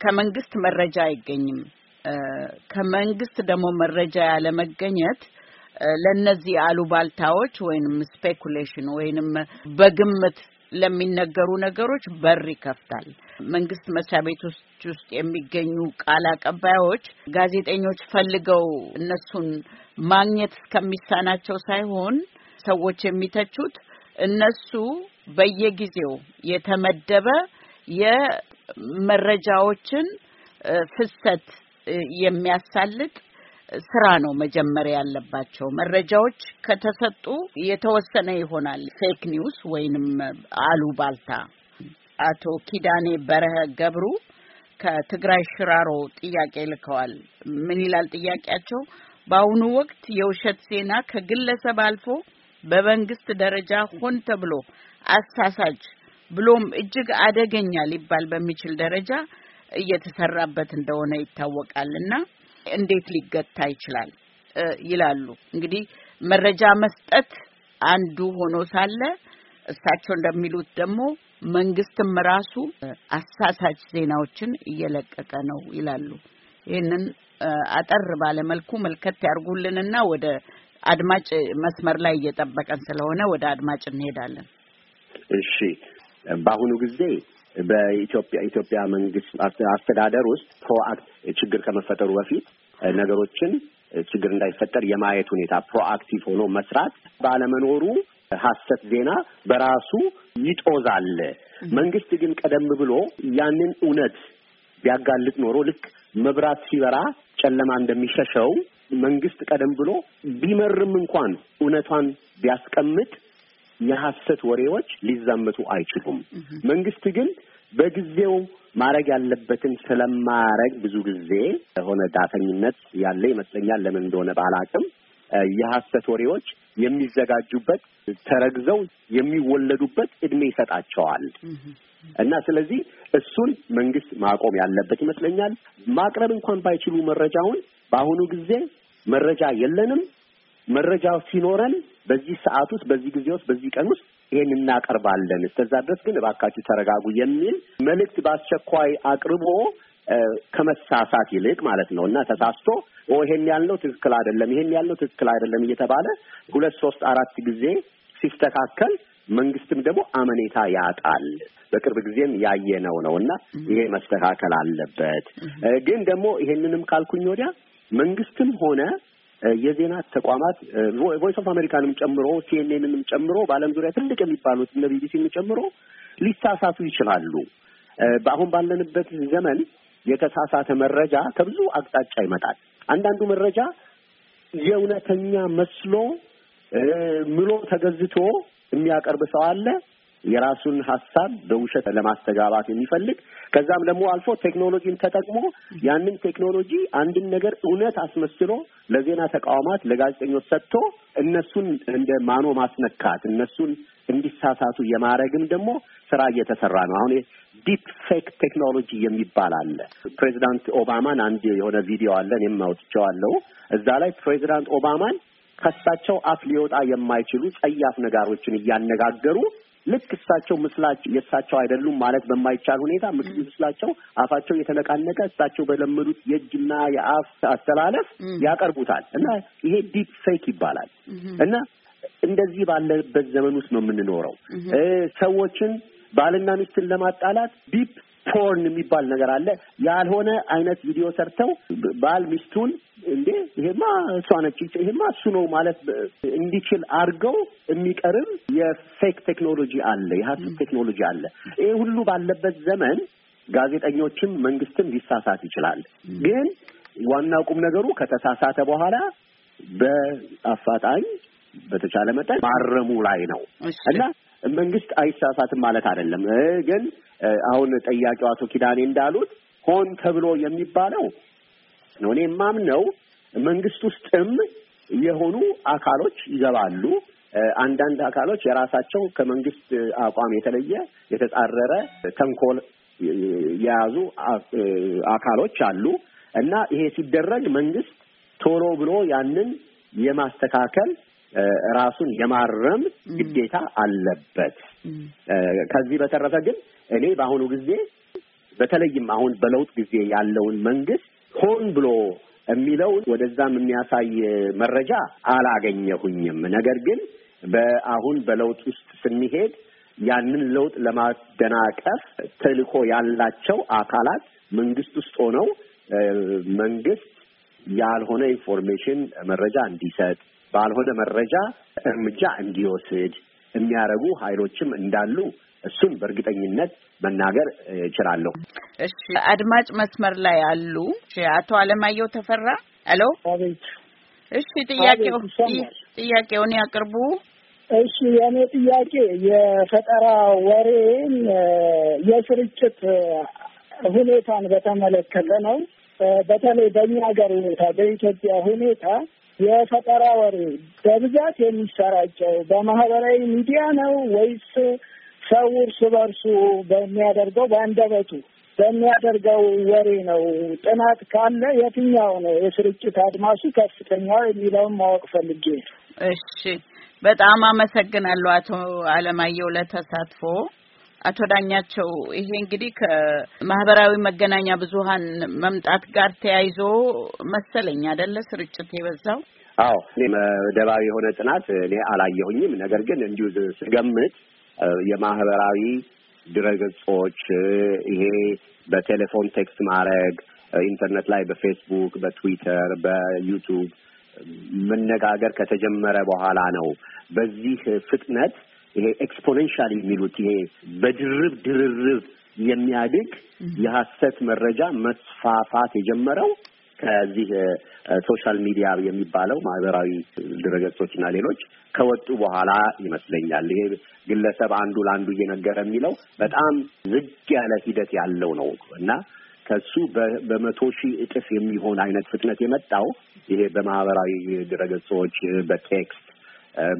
ከመንግስት መረጃ አይገኝም። ከመንግስት ደግሞ መረጃ ያለመገኘት ለእነዚህ አሉባልታዎች ወይንም ስፔኩሌሽን ወይንም በግምት ለሚነገሩ ነገሮች በር ይከፍታል። መንግስት መስሪያ ቤቶች ውስጥ የሚገኙ ቃል አቀባዮች ጋዜጠኞች ፈልገው እነሱን ማግኘት እስከሚሳናቸው ሳይሆን ሰዎች የሚተቹት እነሱ በየጊዜው የተመደበ የመረጃዎችን ፍሰት የሚያሳልጥ ስራ ነው መጀመሪያ ያለባቸው። መረጃዎች ከተሰጡ የተወሰነ ይሆናል። ፌክ ኒውስ ወይንም አሉባልታ። አቶ ኪዳኔ በረሀ ገብሩ ከትግራይ ሽራሮ ጥያቄ ልከዋል። ምን ይላል ጥያቄያቸው? በአሁኑ ወቅት የውሸት ዜና ከግለሰብ አልፎ በመንግስት ደረጃ ሆን ተብሎ አሳሳጅ ብሎም እጅግ አደገኛ ሊባል በሚችል ደረጃ እየተሰራበት እንደሆነ ይታወቃል እና እንዴት ሊገታ ይችላል ይላሉ። እንግዲህ መረጃ መስጠት አንዱ ሆኖ ሳለ እሳቸው እንደሚሉት ደግሞ መንግስትም ራሱ አሳሳች ዜናዎችን እየለቀቀ ነው ይላሉ። ይህንን አጠር ባለመልኩ መልከት ያርጉልንና ወደ አድማጭ መስመር ላይ እየጠበቀን ስለሆነ ወደ አድማጭ እንሄዳለን። እሺ፣ በአሁኑ ጊዜ በኢትዮጵያ ኢትዮጵያ መንግስት አስተዳደር ውስጥ ፕሮአክት ችግር ከመፈጠሩ በፊት ነገሮችን ችግር እንዳይፈጠር የማየት ሁኔታ ፕሮአክቲቭ ሆኖ መስራት ባለመኖሩ ሀሰት ዜና በራሱ ይጦዛል። መንግስት ግን ቀደም ብሎ ያንን እውነት ቢያጋልጥ ኖሮ ልክ መብራት ሲበራ ጨለማ እንደሚሸሸው መንግስት ቀደም ብሎ ቢመርም እንኳን እውነቷን ቢያስቀምጥ የሐሰት ወሬዎች ሊዛመቱ አይችሉም። መንግስት ግን በጊዜው ማድረግ ያለበትን ስለማረግ ብዙ ጊዜ የሆነ ዳተኝነት ያለ ይመስለኛል። ለምን እንደሆነ ባላቅም የሐሰት ወሬዎች የሚዘጋጁበት ተረግዘው የሚወለዱበት እድሜ ይሰጣቸዋል እና ስለዚህ እሱን መንግስት ማቆም ያለበት ይመስለኛል። ማቅረብ እንኳን ባይችሉ መረጃውን በአሁኑ ጊዜ መረጃ የለንም፣ መረጃ ሲኖረን በዚህ ሰዓት ውስጥ፣ በዚህ ጊዜ ውስጥ፣ በዚህ ቀን ውስጥ ይሄን እናቀርባለን፣ እስከዛ ድረስ ግን እባካችሁ ተረጋጉ የሚል መልእክት በአስቸኳይ አቅርቦ ከመሳሳት ይልቅ ማለት ነው እና ተሳስቶ ይሄን ያልነው ትክክል አይደለም፣ ይሄን ያልነው ትክክል አይደለም እየተባለ ሁለት ሶስት አራት ጊዜ ሲስተካከል መንግስትም ደግሞ አመኔታ ያጣል። በቅርብ ጊዜም ያየነው ነው እና ይሄ መስተካከል አለበት። ግን ደግሞ ይሄንንም ካልኩኝ ወዲያ መንግስትም ሆነ የዜና ተቋማት ቮይስ ኦፍ አሜሪካንም ጨምሮ ሲኤንኤንንም ጨምሮ በዓለም ዙሪያ ትልቅ የሚባሉት እነ ቢቢሲንም ጨምሮ ሊሳሳቱ ይችላሉ። በአሁን ባለንበት ዘመን የተሳሳተ መረጃ ከብዙ አቅጣጫ ይመጣል። አንዳንዱ መረጃ የእውነተኛ መስሎ ምሎ ተገዝቶ የሚያቀርብ ሰው አለ። የራሱን ሀሳብ በውሸት ለማስተጋባት የሚፈልግ ከዛም ደግሞ አልፎ ቴክኖሎጂን ተጠቅሞ ያንን ቴክኖሎጂ አንድን ነገር እውነት አስመስሎ ለዜና ተቋማት ለጋዜጠኞች ሰጥቶ እነሱን እንደ ማኖ ማስነካት እነሱን እንዲሳሳቱ የማድረግም ደግሞ ስራ እየተሰራ ነው። አሁን ዲፕ ፌክ ቴክኖሎጂ የሚባል አለ። ፕሬዚዳንት ኦባማን አንድ የሆነ ቪዲዮ አለ፣ እኔም አውጥቼዋለሁ። እዛ ላይ ፕሬዚዳንት ኦባማን ከሳቸው አፍ ሊወጣ የማይችሉ ጸያፍ ነጋሮችን እያነጋገሩ ልክ እሳቸው ምስላቸው የእሳቸው አይደሉም ማለት በማይቻል ሁኔታ ምስላቸው አፋቸው የተነቃነቀ እሳቸው በለመዱት የእጅና የአፍ አስተላለፍ ያቀርቡታል እና ይሄ ዲፕ ፌክ ይባላል እና እንደዚህ ባለበት ዘመን ውስጥ ነው የምንኖረው። ሰዎችን ባልና ሚስትን ለማጣላት ዲፕ ፖርን የሚባል ነገር አለ። ያልሆነ አይነት ቪዲዮ ሰርተው ባል ሚስቱን እንዴ ይሄማ እሷ ነች ይሄማ እሱ ነው ማለት እንዲችል አድርገው የሚቀርብ የፌክ ቴክኖሎጂ አለ፣ የሀሰት ቴክኖሎጂ አለ። ይሄ ሁሉ ባለበት ዘመን ጋዜጠኞችም መንግስትም ሊሳሳት ይችላል። ግን ዋና ቁም ነገሩ ከተሳሳተ በኋላ በአፋጣኝ በተቻለ መጠን ማረሙ ላይ ነው እና መንግስት አይሳሳትም ማለት አይደለም። ግን አሁን ጠያቂው አቶ ኪዳኔ እንዳሉት ሆን ተብሎ የሚባለው ነው። እኔ የማምነው መንግስት ውስጥም የሆኑ አካሎች ይገባሉ። አንዳንድ አካሎች የራሳቸው ከመንግስት አቋም የተለየ የተጻረረ ተንኮል የያዙ አካሎች አሉ እና ይሄ ሲደረግ መንግስት ቶሎ ብሎ ያንን የማስተካከል ራሱን የማረም ግዴታ አለበት። ከዚህ በተረፈ ግን እኔ በአሁኑ ጊዜ በተለይም አሁን በለውጥ ጊዜ ያለውን መንግስት ሆን ብሎ የሚለውን ወደዛም የሚያሳይ መረጃ አላገኘሁኝም። ነገር ግን በአሁን በለውጥ ውስጥ ስንሄድ ያንን ለውጥ ለማደናቀፍ ተልዕኮ ያላቸው አካላት መንግስት ውስጥ ሆነው መንግስት ያልሆነ ኢንፎርሜሽን መረጃ እንዲሰጥ ባልሆነ መረጃ እርምጃ እንዲወስድ የሚያደርጉ ኃይሎችም እንዳሉ እሱም በእርግጠኝነት መናገር እችላለሁ። እሺ፣ አድማጭ መስመር ላይ አሉ። አቶ አለማየሁ ተፈራ፣ ሄሎ። እሺ፣ ጥያቄው ጥያቄውን ያቅርቡ። እሺ፣ የእኔ ጥያቄ የፈጠራ ወሬን የስርጭት ሁኔታን በተመለከተ ነው። በተለይ በእኛ ሀገር ሁኔታ በኢትዮጵያ ሁኔታ የፈጠራ ወሬ በብዛት የሚሰራጨው በማህበራዊ ሚዲያ ነው ወይስ ሰው እርስ በርሱ በሚያደርገው በአንደበቱ በሚያደርገው ወሬ ነው? ጥናት ካለ የትኛው ነው የስርጭት አድማሱ ከፍተኛው የሚለውን ማወቅ ፈልጌ። እሺ፣ በጣም አመሰግናለሁ አቶ አለማየሁ ለተሳትፎ። አቶ ዳኛቸው ይሄ እንግዲህ ከማህበራዊ መገናኛ ብዙሃን መምጣት ጋር ተያይዞ መሰለኝ አደለ ስርጭት የበዛው? አዎ እኔ መደባዊ የሆነ ጥናት እኔ አላየሁኝም። ነገር ግን እንዲሁ ስገምት የማህበራዊ ድረገጾች ይሄ በቴሌፎን ቴክስት ማድረግ፣ ኢንተርኔት ላይ በፌስቡክ፣ በትዊተር፣ በዩቱብ መነጋገር ከተጀመረ በኋላ ነው በዚህ ፍጥነት ይሄ ኤክስፖኔንሻል የሚሉት ይሄ በድርብ ድርርብ የሚያድግ የሀሰት መረጃ መስፋፋት የጀመረው ከዚህ ሶሻል ሚዲያ የሚባለው ማህበራዊ ድረገጾች እና ሌሎች ከወጡ በኋላ ይመስለኛል። ይሄ ግለሰብ አንዱ ለአንዱ እየነገረ የሚለው በጣም ዝግ ያለ ሂደት ያለው ነው እና ከሱ በመቶ ሺህ እጥፍ የሚሆን አይነት ፍጥነት የመጣው ይሄ በማህበራዊ ድረገጾች በቴክስት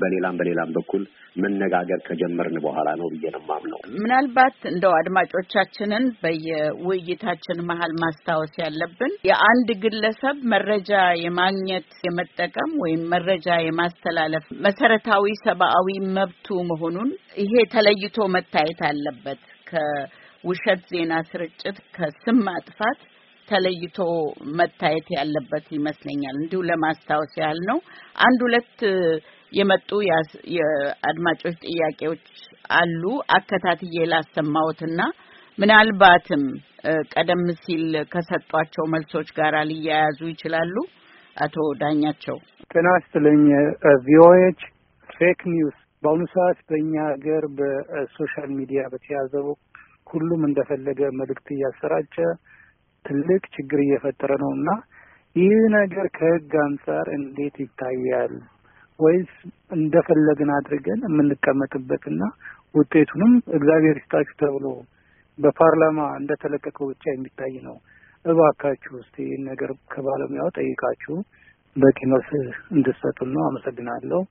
በሌላም በሌላም በኩል መነጋገር ከጀመርን በኋላ ነው ብዬ ነው የማምነው። ምናልባት እንደው አድማጮቻችንን በየውይይታችን መሀል ማስታወስ ያለብን የአንድ ግለሰብ መረጃ የማግኘት የመጠቀም ወይም መረጃ የማስተላለፍ መሰረታዊ ሰብአዊ መብቱ መሆኑን ይሄ ተለይቶ መታየት አለበት። ከውሸት ዜና ስርጭት፣ ከስም ማጥፋት ተለይቶ መታየት ያለበት ይመስለኛል። እንዲሁ ለማስታወስ ያህል ነው። አንድ ሁለት የመጡ የአድማጮች ጥያቄዎች አሉ። አከታትዬ ላሰማዎትና ምናልባትም ቀደም ሲል ከሰጧቸው መልሶች ጋር ሊያያዙ ይችላሉ። አቶ ዳኛቸው ጤና ይስጥልኝ። ቪኦኤች ፌክ ኒውስ በአሁኑ ሰዓት በእኛ ሀገር በሶሻል ሚዲያ በተያዘው ሁሉም እንደፈለገ መልእክት እያሰራጨ ትልቅ ችግር እየፈጠረ ነው እና ይህ ነገር ከህግ አንጻር እንዴት ይታያል? ወይስ እንደፈለግን አድርገን የምንቀመጥበትና ውጤቱንም እግዚአብሔር ይስጣችሁ ተብሎ በፓርላማ እንደተለቀቀ ብቻ የሚታይ ነው። እባካችሁ እስቲ ይህን ነገር ከባለሙያው ጠይቃችሁ በቂ መልስ እንድትሰጡን ነው። አመሰግናለሁ።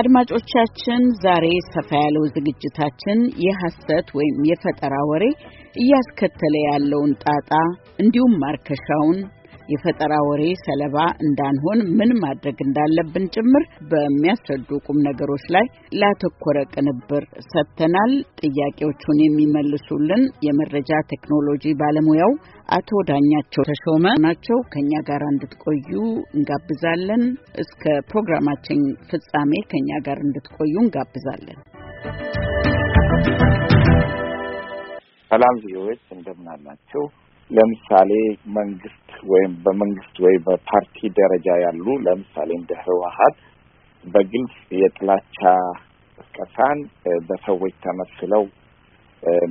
አድማጮቻችን ዛሬ ሰፋ ያለው ዝግጅታችን የሐሰት ወይም የፈጠራ ወሬ እያስከተለ ያለውን ጣጣ እንዲሁም ማርከሻውን የፈጠራ ወሬ ሰለባ እንዳንሆን ምን ማድረግ እንዳለብን ጭምር በሚያስረዱ ቁም ነገሮች ላይ ላተኮረ ቅንብር ሰጥተናል። ጥያቄዎቹን የሚመልሱልን የመረጃ ቴክኖሎጂ ባለሙያው አቶ ዳኛቸው ተሾመ ናቸው። ከእኛ ጋር እንድትቆዩ እንጋብዛለን። እስከ ፕሮግራማችን ፍጻሜ ከእኛ ጋር እንድትቆዩ እንጋብዛለን። ሰላም ቪዲዮዎች እንደምን አላችሁ? ለምሳሌ መንግስት ወይም በመንግስት ወይ በፓርቲ ደረጃ ያሉ ለምሳሌ እንደ ህወሀት በግልጽ የጥላቻ ቅስቀሳን በሰዎች ተመስለው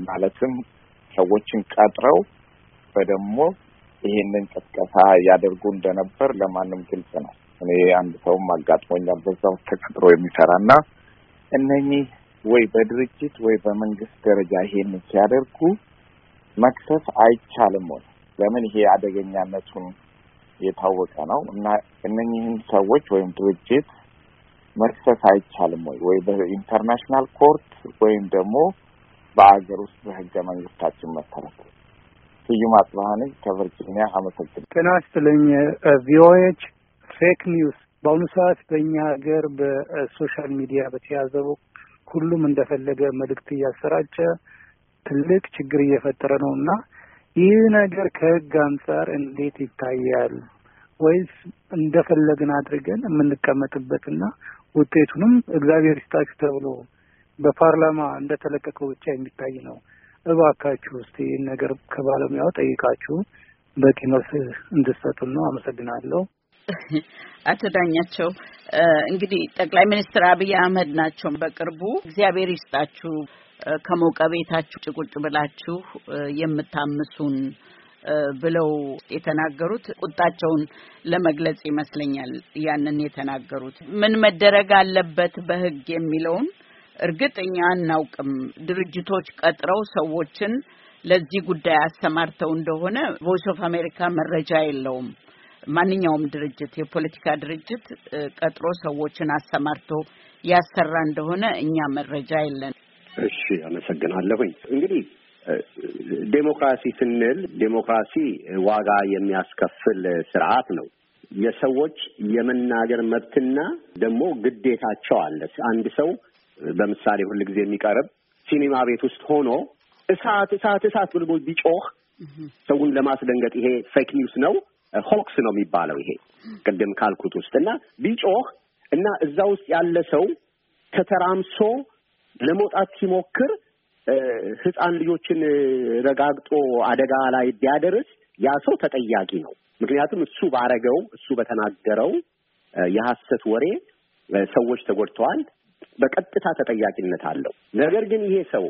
ማለትም ሰዎችን ቀጥረው በደግሞ ይሄንን ቅስቀሳ ያደርጉ እንደነበር ለማንም ግልጽ ነው። እኔ አንድ ሰውም አጋጥሞኛል በዛው ተቀጥሮ የሚሰራ እና እነኚህ ወይ በድርጅት ወይ በመንግስት ደረጃ ይሄንን ሲያደርጉ መክሰስ አይቻልም ወይ? ለምን ይሄ አደገኛነቱን የታወቀ ነው እና እነኚህን ሰዎች ወይም ድርጅት መክሰስ አይቻልም ወይ ወይ በኢንተርናሽናል ኮርት ወይም ደግሞ በአገር ውስጥ በህገ መንግስታችን መሰረት። ስዩም አጽባህን ከቨርጂኒያ አመሰግን። ጤና ይስጥልኝ ቪኦኤች ፌክ ኒውስ በአሁኑ ሰዓት በእኛ ሀገር በሶሻል ሚዲያ በተያዘው ሁሉም እንደፈለገ መልእክት እያሰራጨ ትልቅ ችግር እየፈጠረ ነው እና ይህ ነገር ከህግ አንጻር እንዴት ይታያል ወይስ እንደፈለግን አድርገን የምንቀመጥበትና ውጤቱንም እግዚአብሔር ይስጣችሁ ተብሎ በፓርላማ እንደተለቀቀው ብቻ የሚታይ ነው? እባካችሁ እስቲ ይህን ነገር ከባለሙያው ጠይቃችሁ በቂ መልስ እንድሰጡን ነው። አመሰግናለሁ። <laughs> አቶ ዳኛቸው እንግዲህ ጠቅላይ ሚኒስትር አብይ አህመድ ናቸው። በቅርቡ እግዚአብሔር ይስጣችሁ ከሞቀ ቤታችሁ ጭቁጭ ብላችሁ የምታምሱን ብለው የተናገሩት ቁጣቸውን ለመግለጽ ይመስለኛል። ያንን የተናገሩት ምን መደረግ አለበት በህግ የሚለውን እርግጥ እኛ አናውቅም። ድርጅቶች ቀጥረው ሰዎችን ለዚህ ጉዳይ አሰማርተው እንደሆነ ቮይስ ኦፍ አሜሪካ መረጃ የለውም። ማንኛውም ድርጅት የፖለቲካ ድርጅት ቀጥሮ ሰዎችን አሰማርቶ ያሰራ እንደሆነ እኛ መረጃ የለን። እሺ፣ አመሰግናለሁኝ። እንግዲህ ዴሞክራሲ ስንል ዴሞክራሲ ዋጋ የሚያስከፍል ስርዓት ነው። የሰዎች የመናገር መብትና ደግሞ ግዴታቸው አለ። አንድ ሰው በምሳሌ ሁል ጊዜ የሚቀርብ ሲኒማ ቤት ውስጥ ሆኖ እሳት እሳት እሳት ብሎ ቢጮህ ሰውን ለማስደንገጥ ይሄ ፌክ ኒውስ ነው ሆክስ ነው የሚባለው ይሄ ቅድም ካልኩት ውስጥ እና ቢጮህ እና እዛ ውስጥ ያለ ሰው ተተራምሶ ለመውጣት ሲሞክር ህፃን ልጆችን ረጋግጦ አደጋ ላይ ቢያደርስ ያ ሰው ተጠያቂ ነው። ምክንያቱም እሱ ባረገው እሱ በተናገረው የሐሰት ወሬ ሰዎች ተጎድተዋል። በቀጥታ ተጠያቂነት አለው። ነገር ግን ይሄ ሰው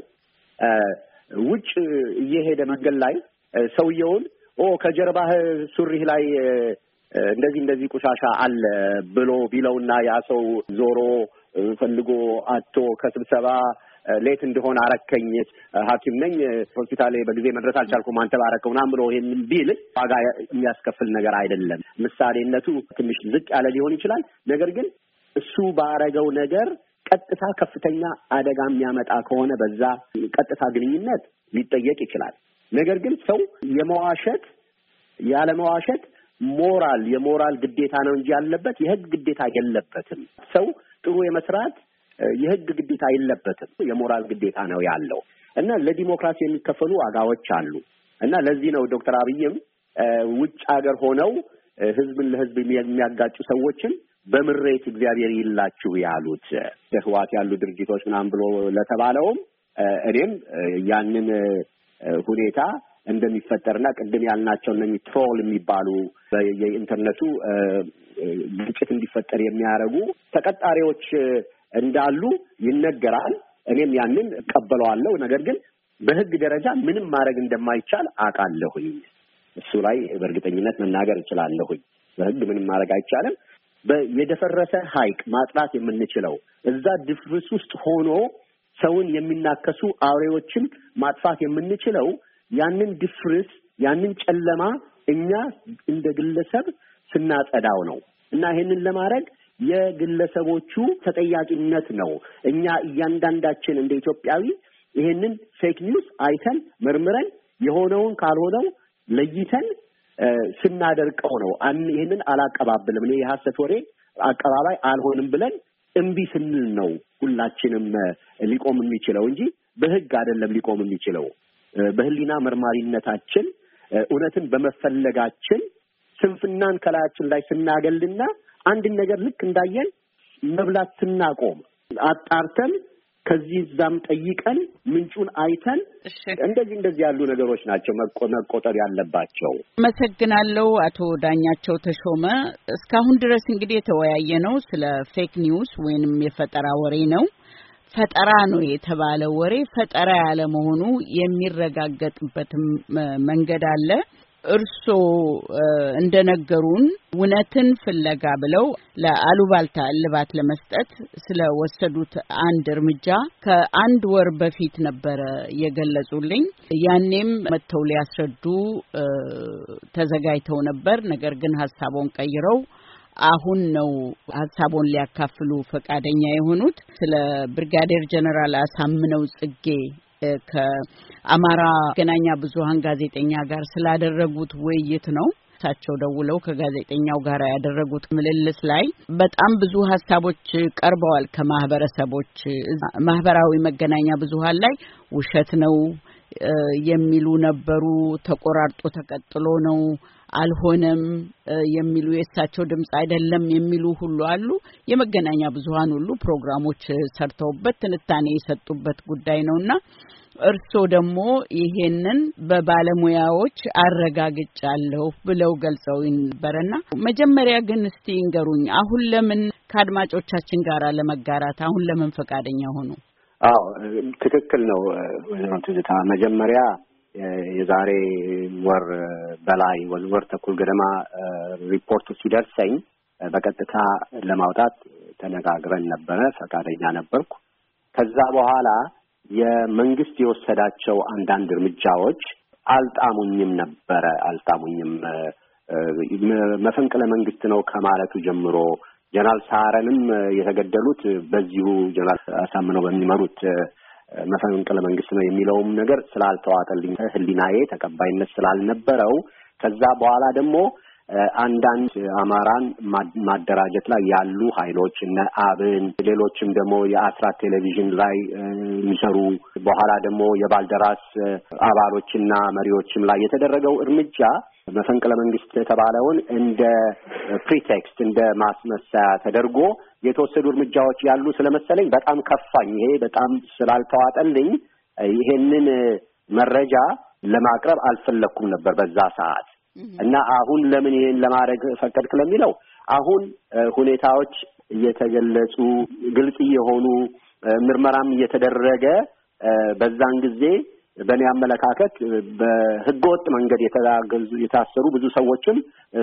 ውጭ እየሄደ መንገድ ላይ ሰውየውን ኦ ከጀርባህ ሱሪህ ላይ እንደዚህ እንደዚህ ቆሻሻ አለ ብሎ ቢለውና ያ ሰው ዞሮ ፈልጎ አቶ ከስብሰባ ሌት እንደሆነ አረከኝ፣ ሐኪም ነኝ፣ ሆስፒታል በጊዜ መድረስ አልቻልኩም፣ አንተ ባረከው ምናምን ብሎ ይህን ቢል ዋጋ የሚያስከፍል ነገር አይደለም። ምሳሌነቱ ትንሽ ዝቅ ያለ ሊሆን ይችላል። ነገር ግን እሱ ባረገው ነገር ቀጥታ ከፍተኛ አደጋ የሚያመጣ ከሆነ በዛ ቀጥታ ግንኙነት ሊጠየቅ ይችላል። ነገር ግን ሰው የመዋሸት ያለመዋሸት ሞራል የሞራል ግዴታ ነው እንጂ ያለበት የህግ ግዴታ የለበትም። ሰው ጥሩ የመስራት የህግ ግዴታ የለበትም፣ የሞራል ግዴታ ነው ያለው እና ለዲሞክራሲ የሚከፈሉ ዋጋዎች አሉ እና ለዚህ ነው ዶክተር አብይም ውጭ ሀገር ሆነው ህዝብን ለህዝብ የሚያጋጩ ሰዎችን በምሬት እግዚአብሔር ይላችሁ ያሉት በህዋት ያሉ ድርጅቶች ምናምን ብሎ ለተባለውም እኔም ያንን ሁኔታ እንደሚፈጠርና ቅድም ያልናቸው እነ ትሮል የሚባሉ የኢንተርኔቱ ግጭት እንዲፈጠር የሚያደርጉ ተቀጣሪዎች እንዳሉ ይነገራል። እኔም ያንን እቀበለዋለሁ። ነገር ግን በህግ ደረጃ ምንም ማድረግ እንደማይቻል አውቃለሁኝ። እሱ ላይ በእርግጠኝነት መናገር እችላለሁኝ። በህግ ምንም ማድረግ አይቻልም። የደፈረሰ ሐይቅ ማጥራት የምንችለው እዛ ድፍርስ ውስጥ ሆኖ ሰውን የሚናከሱ አውሬዎችን ማጥፋት የምንችለው ያንን ድፍርስ ያንን ጨለማ እኛ እንደ ግለሰብ ስናጸዳው ነው እና ይሄንን ለማድረግ የግለሰቦቹ ተጠያቂነት ነው። እኛ እያንዳንዳችን እንደ ኢትዮጵያዊ ይሄንን ፌክ ኒውስ አይተን መርምረን የሆነውን ካልሆነው ለይተን ስናደርቀው ነው። ይህንን አላቀባብልም እኔ የሀሰት ወሬ አቀባባይ አልሆንም ብለን እምቢ ስንል ነው ሁላችንም ሊቆም የሚችለው እንጂ በህግ አይደለም ሊቆም የሚችለው። በህሊና መርማሪነታችን እውነትን በመፈለጋችን ስንፍናን ከላያችን ላይ ስናገልና አንድን ነገር ልክ እንዳየን መብላት ስናቆም አጣርተን ከዚህ እዛም ጠይቀን ምንጩን አይተን እንደዚህ እንደዚህ ያሉ ነገሮች ናቸው መቆጠር ያለባቸው። አመሰግናለሁ አቶ ዳኛቸው ተሾመ። እስካሁን ድረስ እንግዲህ የተወያየ ነው ስለ ፌክ ኒውስ ወይንም የፈጠራ ወሬ ነው። ፈጠራ ነው የተባለ ወሬ ፈጠራ ያለ መሆኑ የሚረጋገጥበትም መንገድ አለ። እርስዎ እንደነገሩን እውነትን ፍለጋ ብለው ለአሉባልታ እልባት ለመስጠት ስለወሰዱት አንድ እርምጃ ከአንድ ወር በፊት ነበረ የገለጹልኝ። ያኔም መጥተው ሊያስረዱ ተዘጋጅተው ነበር። ነገር ግን ሀሳቦን ቀይረው አሁን ነው ሀሳቦን ሊያካፍሉ ፈቃደኛ የሆኑት። ስለ ብርጋዴር ጀነራል አሳምነው ጽጌ ከ አማራ መገናኛ ብዙሃን ጋዜጠኛ ጋር ስላደረጉት ውይይት ነው። እሳቸው ደውለው ከጋዜጠኛው ጋር ያደረጉት ምልልስ ላይ በጣም ብዙ ሀሳቦች ቀርበዋል። ከማህበረሰቦች ማህበራዊ መገናኛ ብዙሃን ላይ ውሸት ነው የሚሉ ነበሩ። ተቆራርጦ ተቀጥሎ ነው አልሆነም የሚሉ የእሳቸው ድምፅ አይደለም የሚሉ ሁሉ አሉ። የመገናኛ ብዙሀን ሁሉ ፕሮግራሞች ሰርተውበት ትንታኔ የሰጡበት ጉዳይ ነውና እርስዎ ደግሞ ይሄንን በባለሙያዎች አረጋግጫለሁ ብለው ገልጸው ነበረና መጀመሪያ ግን እስቲ ይንገሩኝ፣ አሁን ለምን ከአድማጮቻችን ጋር ለመጋራት አሁን ለምን ፈቃደኛ ሆኑ? አዎ ትክክል ነው ወይዘሮ ትዝታ። መጀመሪያ የዛሬ ወር በላይ ወር ተኩል ገደማ ሪፖርቱ ሲደርሰኝ በቀጥታ ለማውጣት ተነጋግረን ነበረ። ፈቃደኛ ነበርኩ። ከዛ በኋላ የመንግስት የወሰዳቸው አንዳንድ እርምጃዎች አልጣሙኝም ነበረ አልጣሙኝም መፈንቅለ መንግስት ነው ከማለቱ ጀምሮ ጀነራል ሳረንም የተገደሉት በዚሁ ጀነራል አሳምነው በሚመሩት መፈንቅለ መንግስት ነው የሚለውም ነገር ስላልተዋጠልኝ ህሊናዬ ተቀባይነት ስላልነበረው ከዛ በኋላ ደግሞ አንዳንድ አማራን ማደራጀት ላይ ያሉ ኃይሎች እነ አብን፣ ሌሎችም ደግሞ የአስራት ቴሌቪዥን ላይ የሚሰሩ በኋላ ደግሞ የባልደራስ አባሎችና መሪዎችም ላይ የተደረገው እርምጃ መፈንቅለ መንግስት የተባለውን እንደ ፕሪቴክስት እንደ ማስመሰያ ተደርጎ የተወሰዱ እርምጃዎች ያሉ ስለመሰለኝ በጣም ከፋኝ። ይሄ በጣም ስላልተዋጠልኝ ይሄንን መረጃ ለማቅረብ አልፈለግኩም ነበር በዛ ሰዓት። Mm-hmm. እና አሁን ለምን ይሄን ለማድረግ ፈቀድክ ለሚለው አሁን ሁኔታዎች እየተገለጹ ግልጽ እየሆኑ ምርመራም እየተደረገ በዛን ጊዜ በእኔ አመለካከት በህገወጥ መንገድ የተጋገዙ የታሰሩ ብዙ ሰዎችም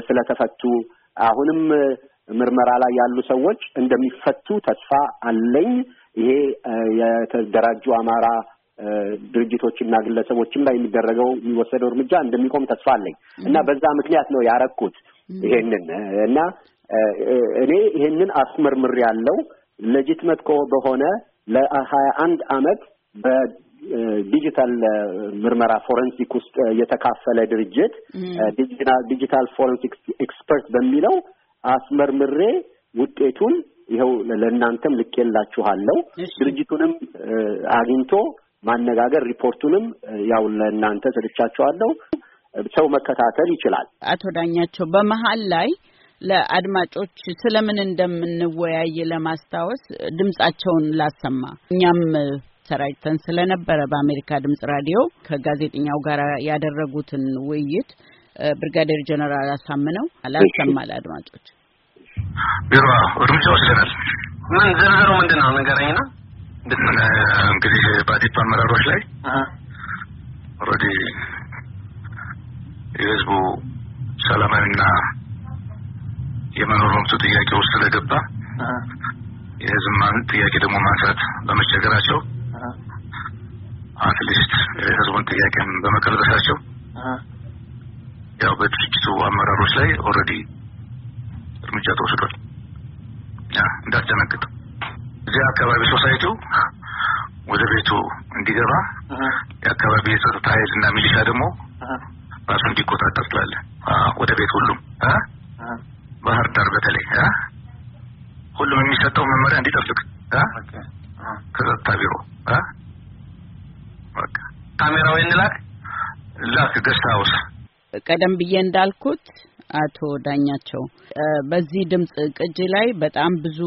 ስለተፈቱ አሁንም ምርመራ ላይ ያሉ ሰዎች እንደሚፈቱ ተስፋ አለኝ። ይሄ የተደራጁ አማራ ድርጅቶችና ግለሰቦችም ላይ የሚደረገው የሚወሰደው እርምጃ እንደሚቆም ተስፋ አለኝ እና በዛ ምክንያት ነው ያረኩት ይሄንን እና እኔ ይሄንን አስመርምር ያለው ለጅትመት በሆነ ለሀያ አንድ አመት በዲጂታል ምርመራ ፎረንሲክ ውስጥ የተካፈለ ድርጅት ዲጂታል ፎረንሲክ ኤክስፐርት በሚለው አስመርምሬ ውጤቱን ይኸው ለእናንተም ልኬላችኋለሁ። ድርጅቱንም አግኝቶ ማነጋገር ሪፖርቱንም ያው ለእናንተ ስልቻቸዋለሁ። ሰው መከታተል ይችላል። አቶ ዳኛቸው በመሀል ላይ ለአድማጮች ስለምን እንደምንወያይ ለማስታወስ ድምጻቸውን ላሰማ። እኛም ሰራጭተን ስለነበረ በአሜሪካ ድምጽ ራዲዮ ከጋዜጠኛው ጋር ያደረጉትን ውይይት ብርጋዴር ጀነራል አሳምነው አላሰማ ለአድማጮች። ቢሮ እርምጃ ወስደናል። ምን ዝርዝሩ ምንድን ነው? ንገረኝ ነው እንግዲህ በአዴፓ አመራሮች ላይ ኦልሬዲ የህዝቡ ሰላማዊና የመኖር መብቱ ጥያቄ ውስጥ ስለገባ የህዝብ ጥያቄ ደግሞ ማንሳት በመቸገራቸው አትሊስት የህዝቡን ጥያቄን በመቀልበሳቸው ያው በድርጅቱ አመራሮች ላይ ኦልሬዲ እርምጃ ተወስዷል። እንዳትደነግጥ እዚያ አካባቢ ሶሳይቲው ወደ ቤቱ እንዲገባ የአካባቢ የጸጥታ ኃይል እና ሚሊሻ ደግሞ ራሱ እንዲቆጣጠር ትላለህ። ወደ ቤት ሁሉም ባህር ዳር በተለይ ሁሉም የሚሰጠው መመሪያ እንዲጠብቅ ከጸጥታ ቢሮ ካሜራ ወይ እንላክ ላክ ገስት ቀደም ብዬ እንዳልኩት አቶ ዳኛቸው በዚህ ድምፅ ቅጂ ላይ በጣም ብዙ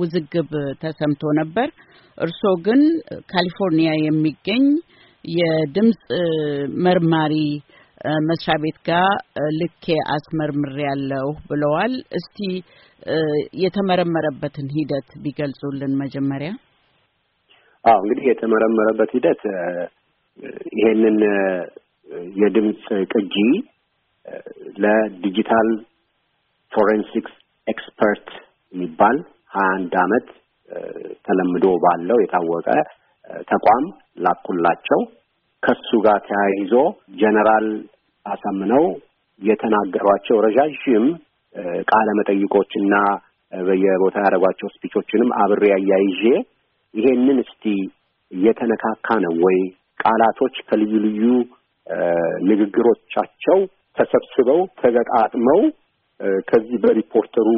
ውዝግብ ተሰምቶ ነበር። እርስዎ ግን ካሊፎርኒያ የሚገኝ የድምፅ መርማሪ መስሪያ ቤት ጋር ልኬ አስመርምር ያለሁ ብለዋል። እስቲ የተመረመረበትን ሂደት ቢገልጹልን መጀመሪያ። አዎ እንግዲህ የተመረመረበት ሂደት ይሄንን የድምፅ ቅጂ ለዲጂታል ፎሬንሲክስ ኤክስፐርት የሚባል ሀያ አንድ አመት ተለምዶ ባለው የታወቀ ተቋም ላኩላቸው። ከሱ ጋር ተያይዞ ጀነራል አሳምነው የተናገሯቸው ረዣዥም ቃለ መጠይቆችና በየቦታ ያደረጓቸው ስፒቾችንም አብሬ አያይዤ ይሄንን እስቲ እየተነካካ ነው ወይ ቃላቶች ከልዩ ልዩ ንግግሮቻቸው ተሰብስበው ተገጣጥመው ከዚህ በሪፖርተሩ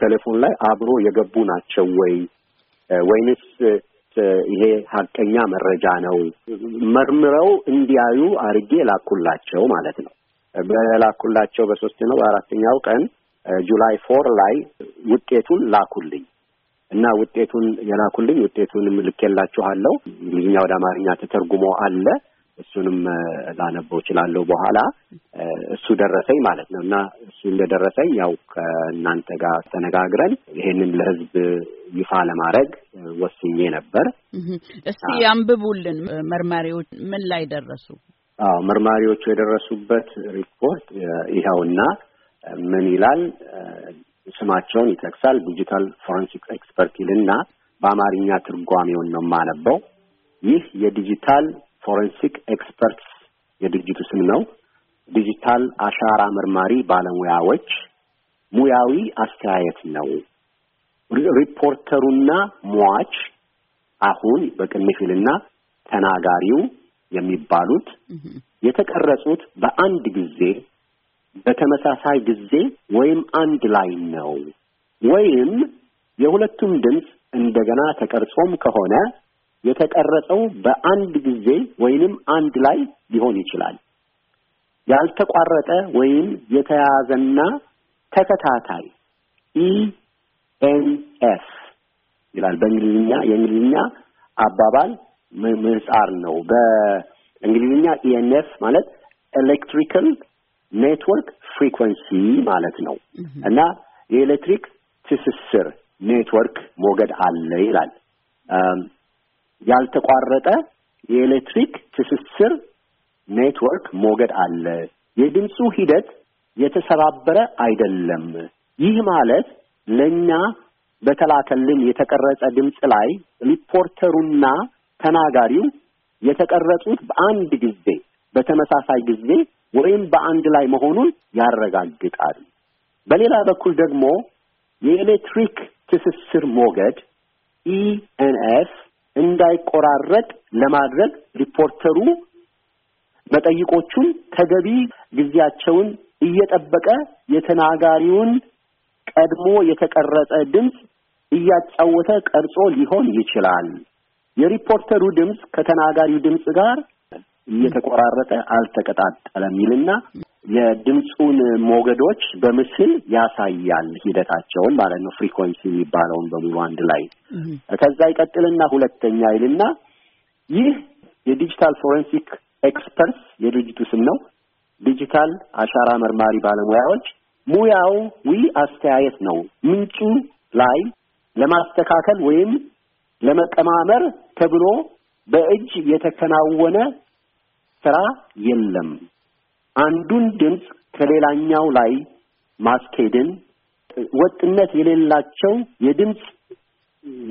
ቴሌፎን ላይ አብሮ የገቡ ናቸው ወይ ወይንስ ይሄ ሀቀኛ መረጃ ነው መርምረው እንዲያዩ አርጌ ላኩላቸው ማለት ነው። በላኩላቸው በሶስት ነው በአራተኛው ቀን ጁላይ ፎር ላይ ውጤቱን ላኩልኝ እና ውጤቱን የላኩልኝ ውጤቱንም ልኬላችኋለሁ። እንግሊዝኛ ወደ አማርኛ ተተርጉሞ አለ። እሱንም ላነበው እችላለሁ በኋላ እሱ ደረሰኝ ማለት ነው እና እሱ እንደደረሰኝ ያው ከእናንተ ጋር ተነጋግረን ይሄንን ለህዝብ ይፋ ለማድረግ ወስኜ ነበር። እስቲ አንብቡልን። መርማሪዎች ምን ላይ ደረሱ? አዎ መርማሪዎቹ የደረሱበት ሪፖርት ይኸውና ምን ይላል? ስማቸውን ይጠቅሳል። ዲጂታል ፎረንሲክ ኤክስፐርት ይልና በአማርኛ ትርጓሜውን ነው የማነበው። ይህ የዲጂታል ፎረንሲክ ኤክስፐርትስ የድርጅቱ ስም ነው። ዲጂታል አሻራ መርማሪ ባለሙያዎች ሙያዊ አስተያየት ነው። ሪፖርተሩና ሟች አሁን በቅንፊልና ተናጋሪው የሚባሉት የተቀረጹት በአንድ ጊዜ በተመሳሳይ ጊዜ ወይም አንድ ላይ ነው ወይም የሁለቱም ድምፅ እንደገና ተቀርጾም ከሆነ የተቀረጸው በአንድ ጊዜ ወይንም አንድ ላይ ሊሆን ይችላል። ያልተቋረጠ ወይም የተያዘና ተከታታይ ኢኤንኤፍ e ይላል። በእንግሊዝኛ የእንግሊዝኛ አባባል ምህጻር ነው። በእንግሊዝኛ ኢኤንኤፍ e ማለት ኤሌክትሪካል ኔትወርክ ፍሪኩዌንሲ ማለት ነው እና የኤሌክትሪክ ትስስር ኔትወርክ ሞገድ አለ ይላል። ያልተቋረጠ የኤሌክትሪክ ትስስር ኔትወርክ ሞገድ አለ። የድምፁ ሂደት የተሰባበረ አይደለም። ይህ ማለት ለእኛ በተላከልን የተቀረጸ ድምፅ ላይ ሪፖርተሩና ተናጋሪው የተቀረጹት በአንድ ጊዜ በተመሳሳይ ጊዜ ወይም በአንድ ላይ መሆኑን ያረጋግጣል። በሌላ በኩል ደግሞ የኤሌክትሪክ ትስስር ሞገድ ኢኤንኤፍ e እንዳይቆራረጥ ለማድረግ ሪፖርተሩ መጠይቆቹን ተገቢ ጊዜያቸውን እየጠበቀ የተናጋሪውን ቀድሞ የተቀረጸ ድምፅ እያጫወተ ቀርጾ ሊሆን ይችላል። የሪፖርተሩ ድምፅ ከተናጋሪው ድምፅ ጋር እየተቆራረጠ አልተቀጣጠለም ይልና የድምፁን ሞገዶች በምስል ያሳያል ሂደታቸውን ማለት ነው። ፍሪኮንሲ የሚባለውን በሙሉ አንድ ላይ ከዛ ይቀጥልና ሁለተኛ ይልና ይህ የዲጂታል ፎረንሲክ ኤክስፐርት የድርጅቱ ስም ነው። ዲጂታል አሻራ መርማሪ ባለሙያዎች ሙያዊ አስተያየት ነው ምንጩ ላይ ለማስተካከል ወይም ለመቀማመር ተብሎ በእጅ የተከናወነ ስራ የለም አንዱን ድምፅ ከሌላኛው ላይ ማስኬድን ወጥነት የሌላቸው የድምፅ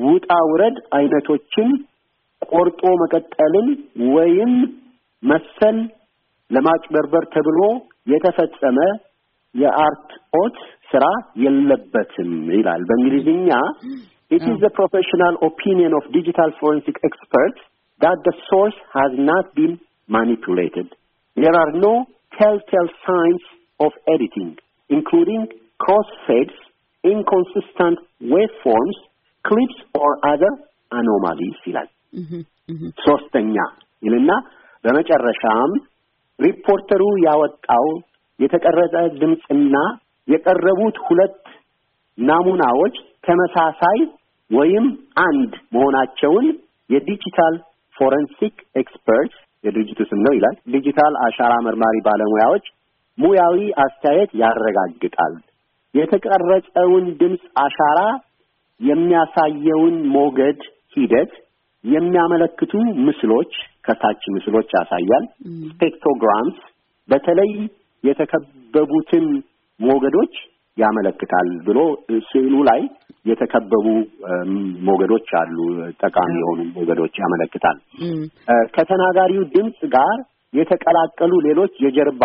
ውጣ ውረድ አይነቶችን ቆርጦ መቀጠልን ወይም መሰል ለማጭበርበር ተብሎ የተፈጸመ የአርት ኦት ስራ የለበትም ይላል። በእንግሊዝኛ it is the professional opinion of digital forensic experts that the source has not been manipulated. There are no telltale signs of editing, including crossfades, inconsistent ዌቭፎርምስ ክሊፕስ ኦር አዘር አኖማሊስ ይላል። mm-hmm, mm-hmm. ሶስተኛ ይልና በመጨረሻም ሪፖርተሩ ያወጣው የተቀረጸ ድምፅና የቀረቡት ሁለት ናሙናዎች ተመሳሳይ ወይም አንድ መሆናቸውን የዲጂታል ፎረንሲክ ኤክስፐርትስ የድርጅቱ ስም ነው ይላል። ዲጂታል አሻራ መርማሪ ባለሙያዎች ሙያዊ አስተያየት ያረጋግጣል። የተቀረጸውን ድምፅ አሻራ የሚያሳየውን ሞገድ ሂደት የሚያመለክቱ ምስሎች ከታች ምስሎች ያሳያል። ስፔክቶግራምስ በተለይ የተከበቡትን ሞገዶች ያመለክታል ብሎ ስዕሉ ላይ የተከበቡ ሞገዶች አሉ፣ ጠቃሚ የሆኑ ሞገዶች ያመለክታል። ከተናጋሪው ድምፅ ጋር የተቀላቀሉ ሌሎች የጀርባ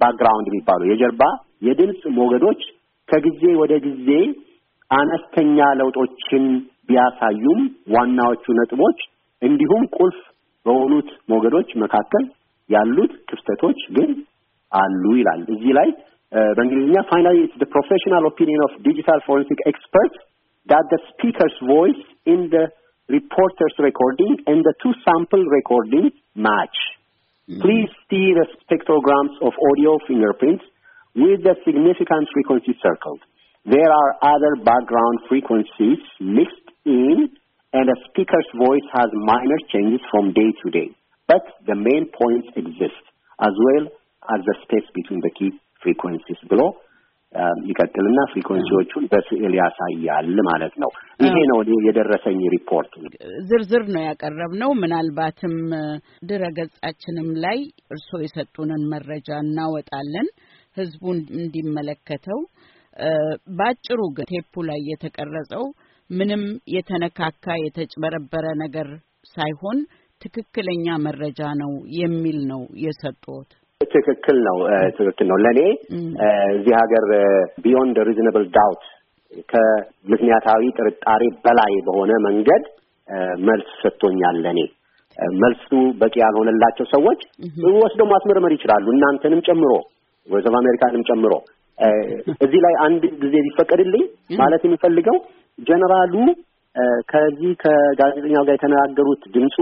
ባክግራውንድ የሚባሉ የጀርባ የድምፅ ሞገዶች ከጊዜ ወደ ጊዜ አነስተኛ ለውጦችን ቢያሳዩም ዋናዎቹ ነጥቦች እንዲሁም ቁልፍ በሆኑት ሞገዶች መካከል ያሉት ክፍተቶች ግን አሉ ይላል። እዚህ ላይ በእንግሊዝኛ ፋይናሊ ኢትስ ዘ ፕሮፌሽናል ኦፒኒየን ኦፍ ዲጂታል ፎረንሲክ ኤክስፐርት ዳት ዘ ስፒከርስ ቮይስ ኢን ዘ ሪፖርተርስ ሬኮርዲንግ ኤንድ ዘ ቱ ሳምፕል ሬኮርዲንግ ማች ፕሊዝ ሲ ዘ ስፔክትሮግራምስ ኦፍ ኦዲዮ fingerprints with the significant frequency circled. There are other background frequencies mixed in, and a speaker's voice has minor changes from day to day. But the main points exist, as well as the space between the key ፍሪኮንሲስ ብሎ ይቀጥልና ፍሪኮንሲዎቹን በስዕል ያሳያል ማለት ነው። ይሄ ነው የደረሰኝ ሪፖርት። ዝርዝር ነው ያቀረብነው። ምናልባትም ድረ ገጻችንም ላይ እርስዎ የሰጡንን መረጃ እናወጣለን ህዝቡ እንዲመለከተው። በአጭሩ ግን ቴፑ ላይ የተቀረጸው ምንም የተነካካ የተጭበረበረ ነገር ሳይሆን ትክክለኛ መረጃ ነው የሚል ነው የሰጡት። ትክክል ነው፣ ትክክል ነው። ለእኔ እዚህ ሀገር ቢዮንድ ሪዝነብል ዳውት ከምክንያታዊ ጥርጣሬ በላይ በሆነ መንገድ መልስ ሰጥቶኛል። ለእኔ መልሱ በቂ ያልሆነላቸው ሰዎች ወስደው ማስመርመር ይችላሉ፣ እናንተንም ጨምሮ ወይስ አሜሪካንም ጨምሮ። እዚህ ላይ አንድ ጊዜ ቢፈቀድልኝ ማለት የሚፈልገው ጀነራሉ ከዚህ ከጋዜጠኛው ጋር የተነጋገሩት ድምፁ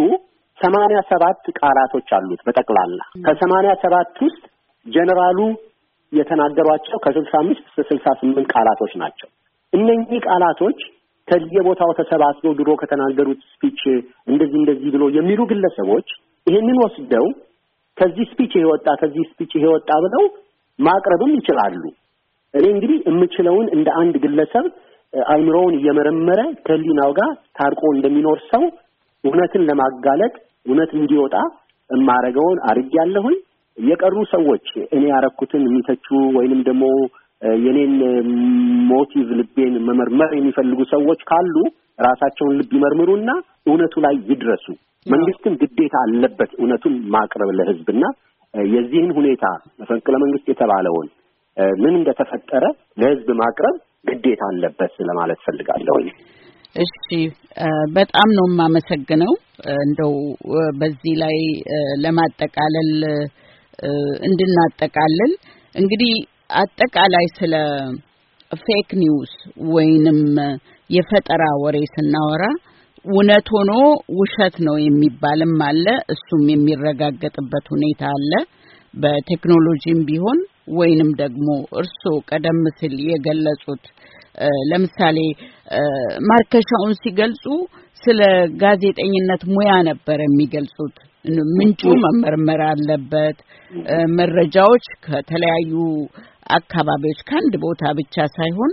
ሰማንያ ሰባት ቃላቶች አሉት በጠቅላላ ከሰማንያ ሰባት ውስጥ ጀኔራሉ የተናገሯቸው ከስልሳ አምስት እስከ ስልሳ ስምንት ቃላቶች ናቸው። እነኚህ ቃላቶች ከየቦታው ተሰባስበው ድሮ ከተናገሩት ስፒች እንደዚህ እንደዚህ ብሎ የሚሉ ግለሰቦች ይሄንን ወስደው ከዚህ ስፒች ይሄ ወጣ፣ ከዚህ ስፒች ይሄ ወጣ ብለው ማቅረብም ይችላሉ። እኔ እንግዲህ የምችለውን እንደ አንድ ግለሰብ አይምሮውን እየመረመረ ከሊናው ጋር ታርቆ እንደሚኖር ሰው እውነትን ለማጋለጥ እውነት እንዲወጣ እማረገውን አድርጌያለሁኝ። የቀሩ ሰዎች እኔ ያረኩትን የሚተቹ ወይንም ደግሞ የኔን ሞቲቭ ልቤን መመርመር የሚፈልጉ ሰዎች ካሉ ራሳቸውን ልብ ይመርምሩና እውነቱ ላይ ይድረሱ። መንግስትም ግዴታ አለበት እውነቱን ማቅረብ ለህዝብና የዚህን ሁኔታ መፈንቅለ መንግስት የተባለውን ምን እንደተፈጠረ ለህዝብ ማቅረብ ግዴታ አለበት ለማለት ፈልጋለሁኝ። እሺ በጣም ነው የማመሰግነው። እንደው በዚህ ላይ ለማጠቃለል እንድናጠቃልል እንግዲህ አጠቃላይ ስለ ፌክ ኒውስ ወይንም የፈጠራ ወሬ ስናወራ እውነት ሆኖ ውሸት ነው የሚባልም አለ። እሱም የሚረጋገጥበት ሁኔታ አለ በቴክኖሎጂም ቢሆን ወይንም ደግሞ እርስዎ ቀደም ሲል የገለጹት ለምሳሌ ማርከሻውን ሲገልጹ ስለ ጋዜጠኝነት ሙያ ነበር የሚገልጹት። ምንጩ መመርመር አለበት። መረጃዎች ከተለያዩ አካባቢዎች ከአንድ ቦታ ብቻ ሳይሆን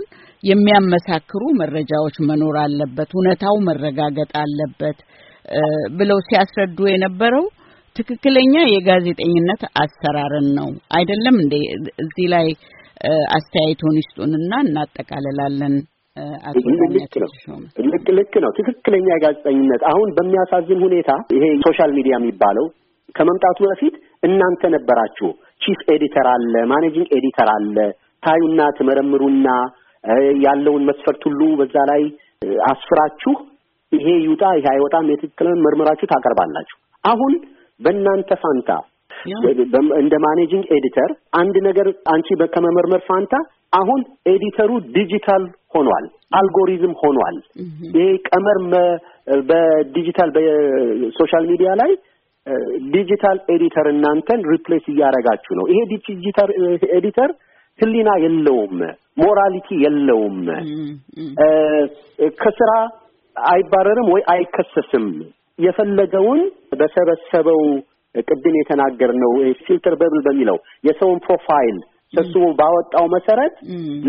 የሚያመሳክሩ መረጃዎች መኖር አለበት፣ እውነታው መረጋገጥ አለበት ብለው ሲያስረዱ የነበረው ትክክለኛ የጋዜጠኝነት አሰራርን ነው። አይደለም እንዴ? እዚህ ላይ አስተያየቱን ይስጡንና እናጠቃልላለን። ልክ ልክ ነው። ትክክለኛ የጋዜጠኝነት አሁን በሚያሳዝን ሁኔታ ይሄ ሶሻል ሚዲያ የሚባለው ከመምጣቱ በፊት እናንተ ነበራችሁ። ቺፍ ኤዲተር አለ፣ ማኔጂንግ ኤዲተር አለ። ታዩና ትመረምሩና ያለውን መስፈርት ሁሉ በዛ ላይ አስፍራችሁ ይሄ ይውጣ ይሄ አይወጣም የትክክለን መርምራችሁ ታቀርባላችሁ። አሁን በእናንተ ፋንታ እንደ ማኔጂንግ ኤዲተር አንድ ነገር አንቺ ከመመርመር ፋንታ አሁን ኤዲተሩ ዲጂታል ሆኗል፣ አልጎሪዝም ሆኗል። ይሄ ቀመር በዲጂታል በሶሻል ሚዲያ ላይ ዲጂታል ኤዲተር እናንተን ሪፕሌስ እያደረጋችሁ ነው። ይሄ ዲጂታል ኤዲተር ህሊና የለውም፣ ሞራሊቲ የለውም። ከስራ አይባረርም ወይ አይከሰስም። የፈለገውን በሰበሰበው ቅድም የተናገርነው ፊልተር በብል በሚለው የሰውን ፕሮፋይል ሰብስቦ ባወጣው መሰረት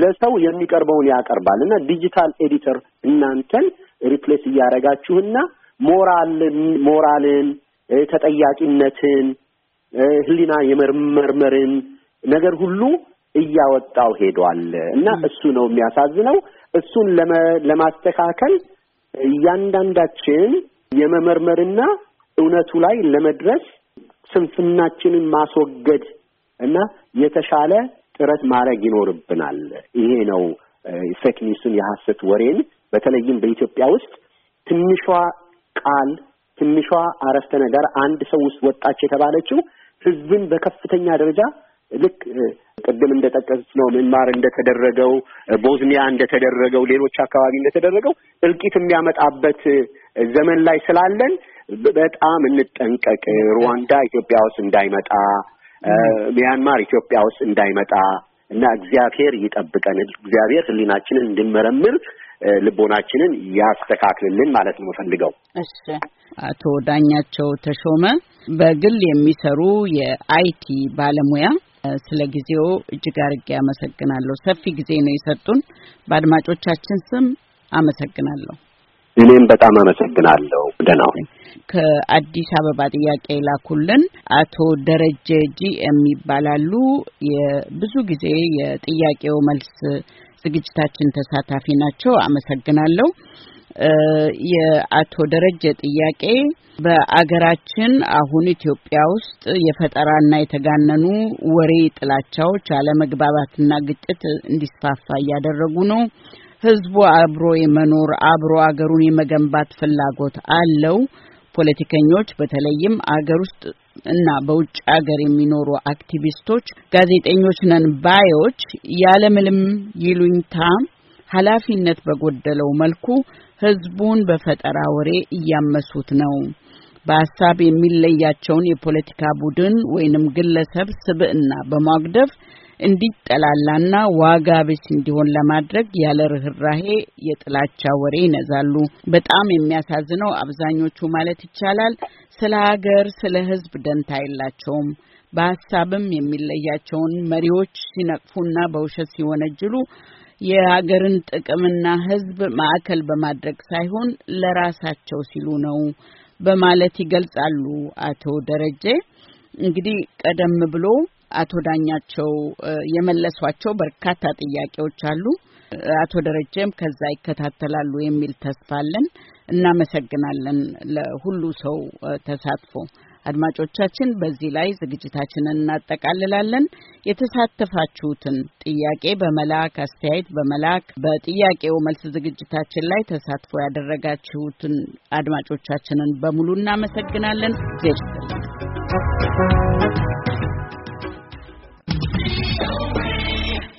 ለሰው የሚቀርበውን ያቀርባል እና ዲጂታል ኤዲተር እናንተን ሪፕሌስ እያደረጋችሁና ሞራልን ሞራልን ተጠያቂነትን ህሊና የመርመርን ነገር ሁሉ እያወጣው ሄዷል እና እሱ ነው የሚያሳዝነው። እሱን ለማስተካከል እያንዳንዳችን የመመርመርና እውነቱ ላይ ለመድረስ ስንፍናችንን ማስወገድ እና የተሻለ ጥረት ማድረግ ይኖርብናል። ይሄ ነው ፌክ ኒውስን የሐሰት ወሬን በተለይም በኢትዮጵያ ውስጥ ትንሿ ቃል ትንሿ አረፍተ ነገር አንድ ሰው ውስጥ ወጣች የተባለችው ህዝብን በከፍተኛ ደረጃ ልክ ቅድም ነው ምንማር እንደተደረገው ቦዝኒያ እንደተደረገው ሌሎች አካባቢ እንደተደረገው እልቂት የሚያመጣበት ዘመን ላይ ስላለን በጣም እንጠንቀቅ፣ ሩዋንዳ ኢትዮጵያ ውስጥ እንዳይመጣ፣ ሚያንማር ኢትዮጵያ ውስጥ እንዳይመጣ እና እግዚአብሔር ይጠብቀን። እግዚአብሔር ሕሊናችንን እንድንመረምር ልቦናችንን ያስተካክልልን ማለት ነው የምፈልገው። እሺ፣ አቶ ዳኛቸው ተሾመ በግል የሚሰሩ የአይቲ ባለሙያ ስለ ጊዜው እጅግ አድርጌ አመሰግናለሁ። ሰፊ ጊዜ ነው የሰጡን። በአድማጮቻችን ስም አመሰግናለሁ። እኔም በጣም አመሰግናለሁ። ደናው ከአዲስ አበባ ጥያቄ ላኩልን አቶ ደረጀ ጂኤም ይባላሉ። የብዙ ጊዜ የጥያቄው መልስ ዝግጅታችን ተሳታፊ ናቸው። አመሰግናለሁ። የአቶ ደረጀ ጥያቄ በአገራችን አሁን ኢትዮጵያ ውስጥ የፈጠራና የተጋነኑ ወሬ ጥላቻዎች፣ አለመግባባትና ግጭት እንዲስፋፋ እያደረጉ ነው። ህዝቡ አብሮ የመኖር አብሮ አገሩን የመገንባት ፍላጎት አለው። ፖለቲከኞች በተለይም አገር ውስጥ እና በውጭ አገር የሚኖሩ አክቲቪስቶች፣ ጋዜጠኞች ነን ባዮች ያለምንም ይሉኝታ ኃላፊነት በጎደለው መልኩ ህዝቡን በፈጠራ ወሬ እያመሱት ነው። በሀሳብ የሚለያቸውን የፖለቲካ ቡድን ወይንም ግለሰብ ስብዕና በማግደፍ። እንዲጠላላና ዋጋ ቢስ እንዲሆን ለማድረግ ያለ ርኅራሄ የጥላቻ ወሬ ይነዛሉ። በጣም የሚያሳዝነው አብዛኞቹ ማለት ይቻላል ስለ ሀገር፣ ስለ ህዝብ ደንታ የላቸውም። በሀሳብም የሚለያቸውን መሪዎች ሲነቅፉና በውሸት ሲወነጅሉ የሀገርን ጥቅምና ህዝብ ማዕከል በማድረግ ሳይሆን ለራሳቸው ሲሉ ነው በማለት ይገልጻሉ አቶ ደረጀ። እንግዲህ ቀደም ብሎ አቶ ዳኛቸው የመለሷቸው በርካታ ጥያቄዎች አሉ። አቶ ደረጀም ከዛ ይከታተላሉ የሚል ተስፋ አለን። እናመሰግናለን ለሁሉ ሰው ተሳትፎ። አድማጮቻችን በዚህ ላይ ዝግጅታችንን እናጠቃልላለን። የተሳተፋችሁትን ጥያቄ በመላክ አስተያየት በመላክ በጥያቄው መልስ ዝግጅታችን ላይ ተሳትፎ ያደረጋችሁትን አድማጮቻችንን በሙሉ እናመሰግናለን። ዜር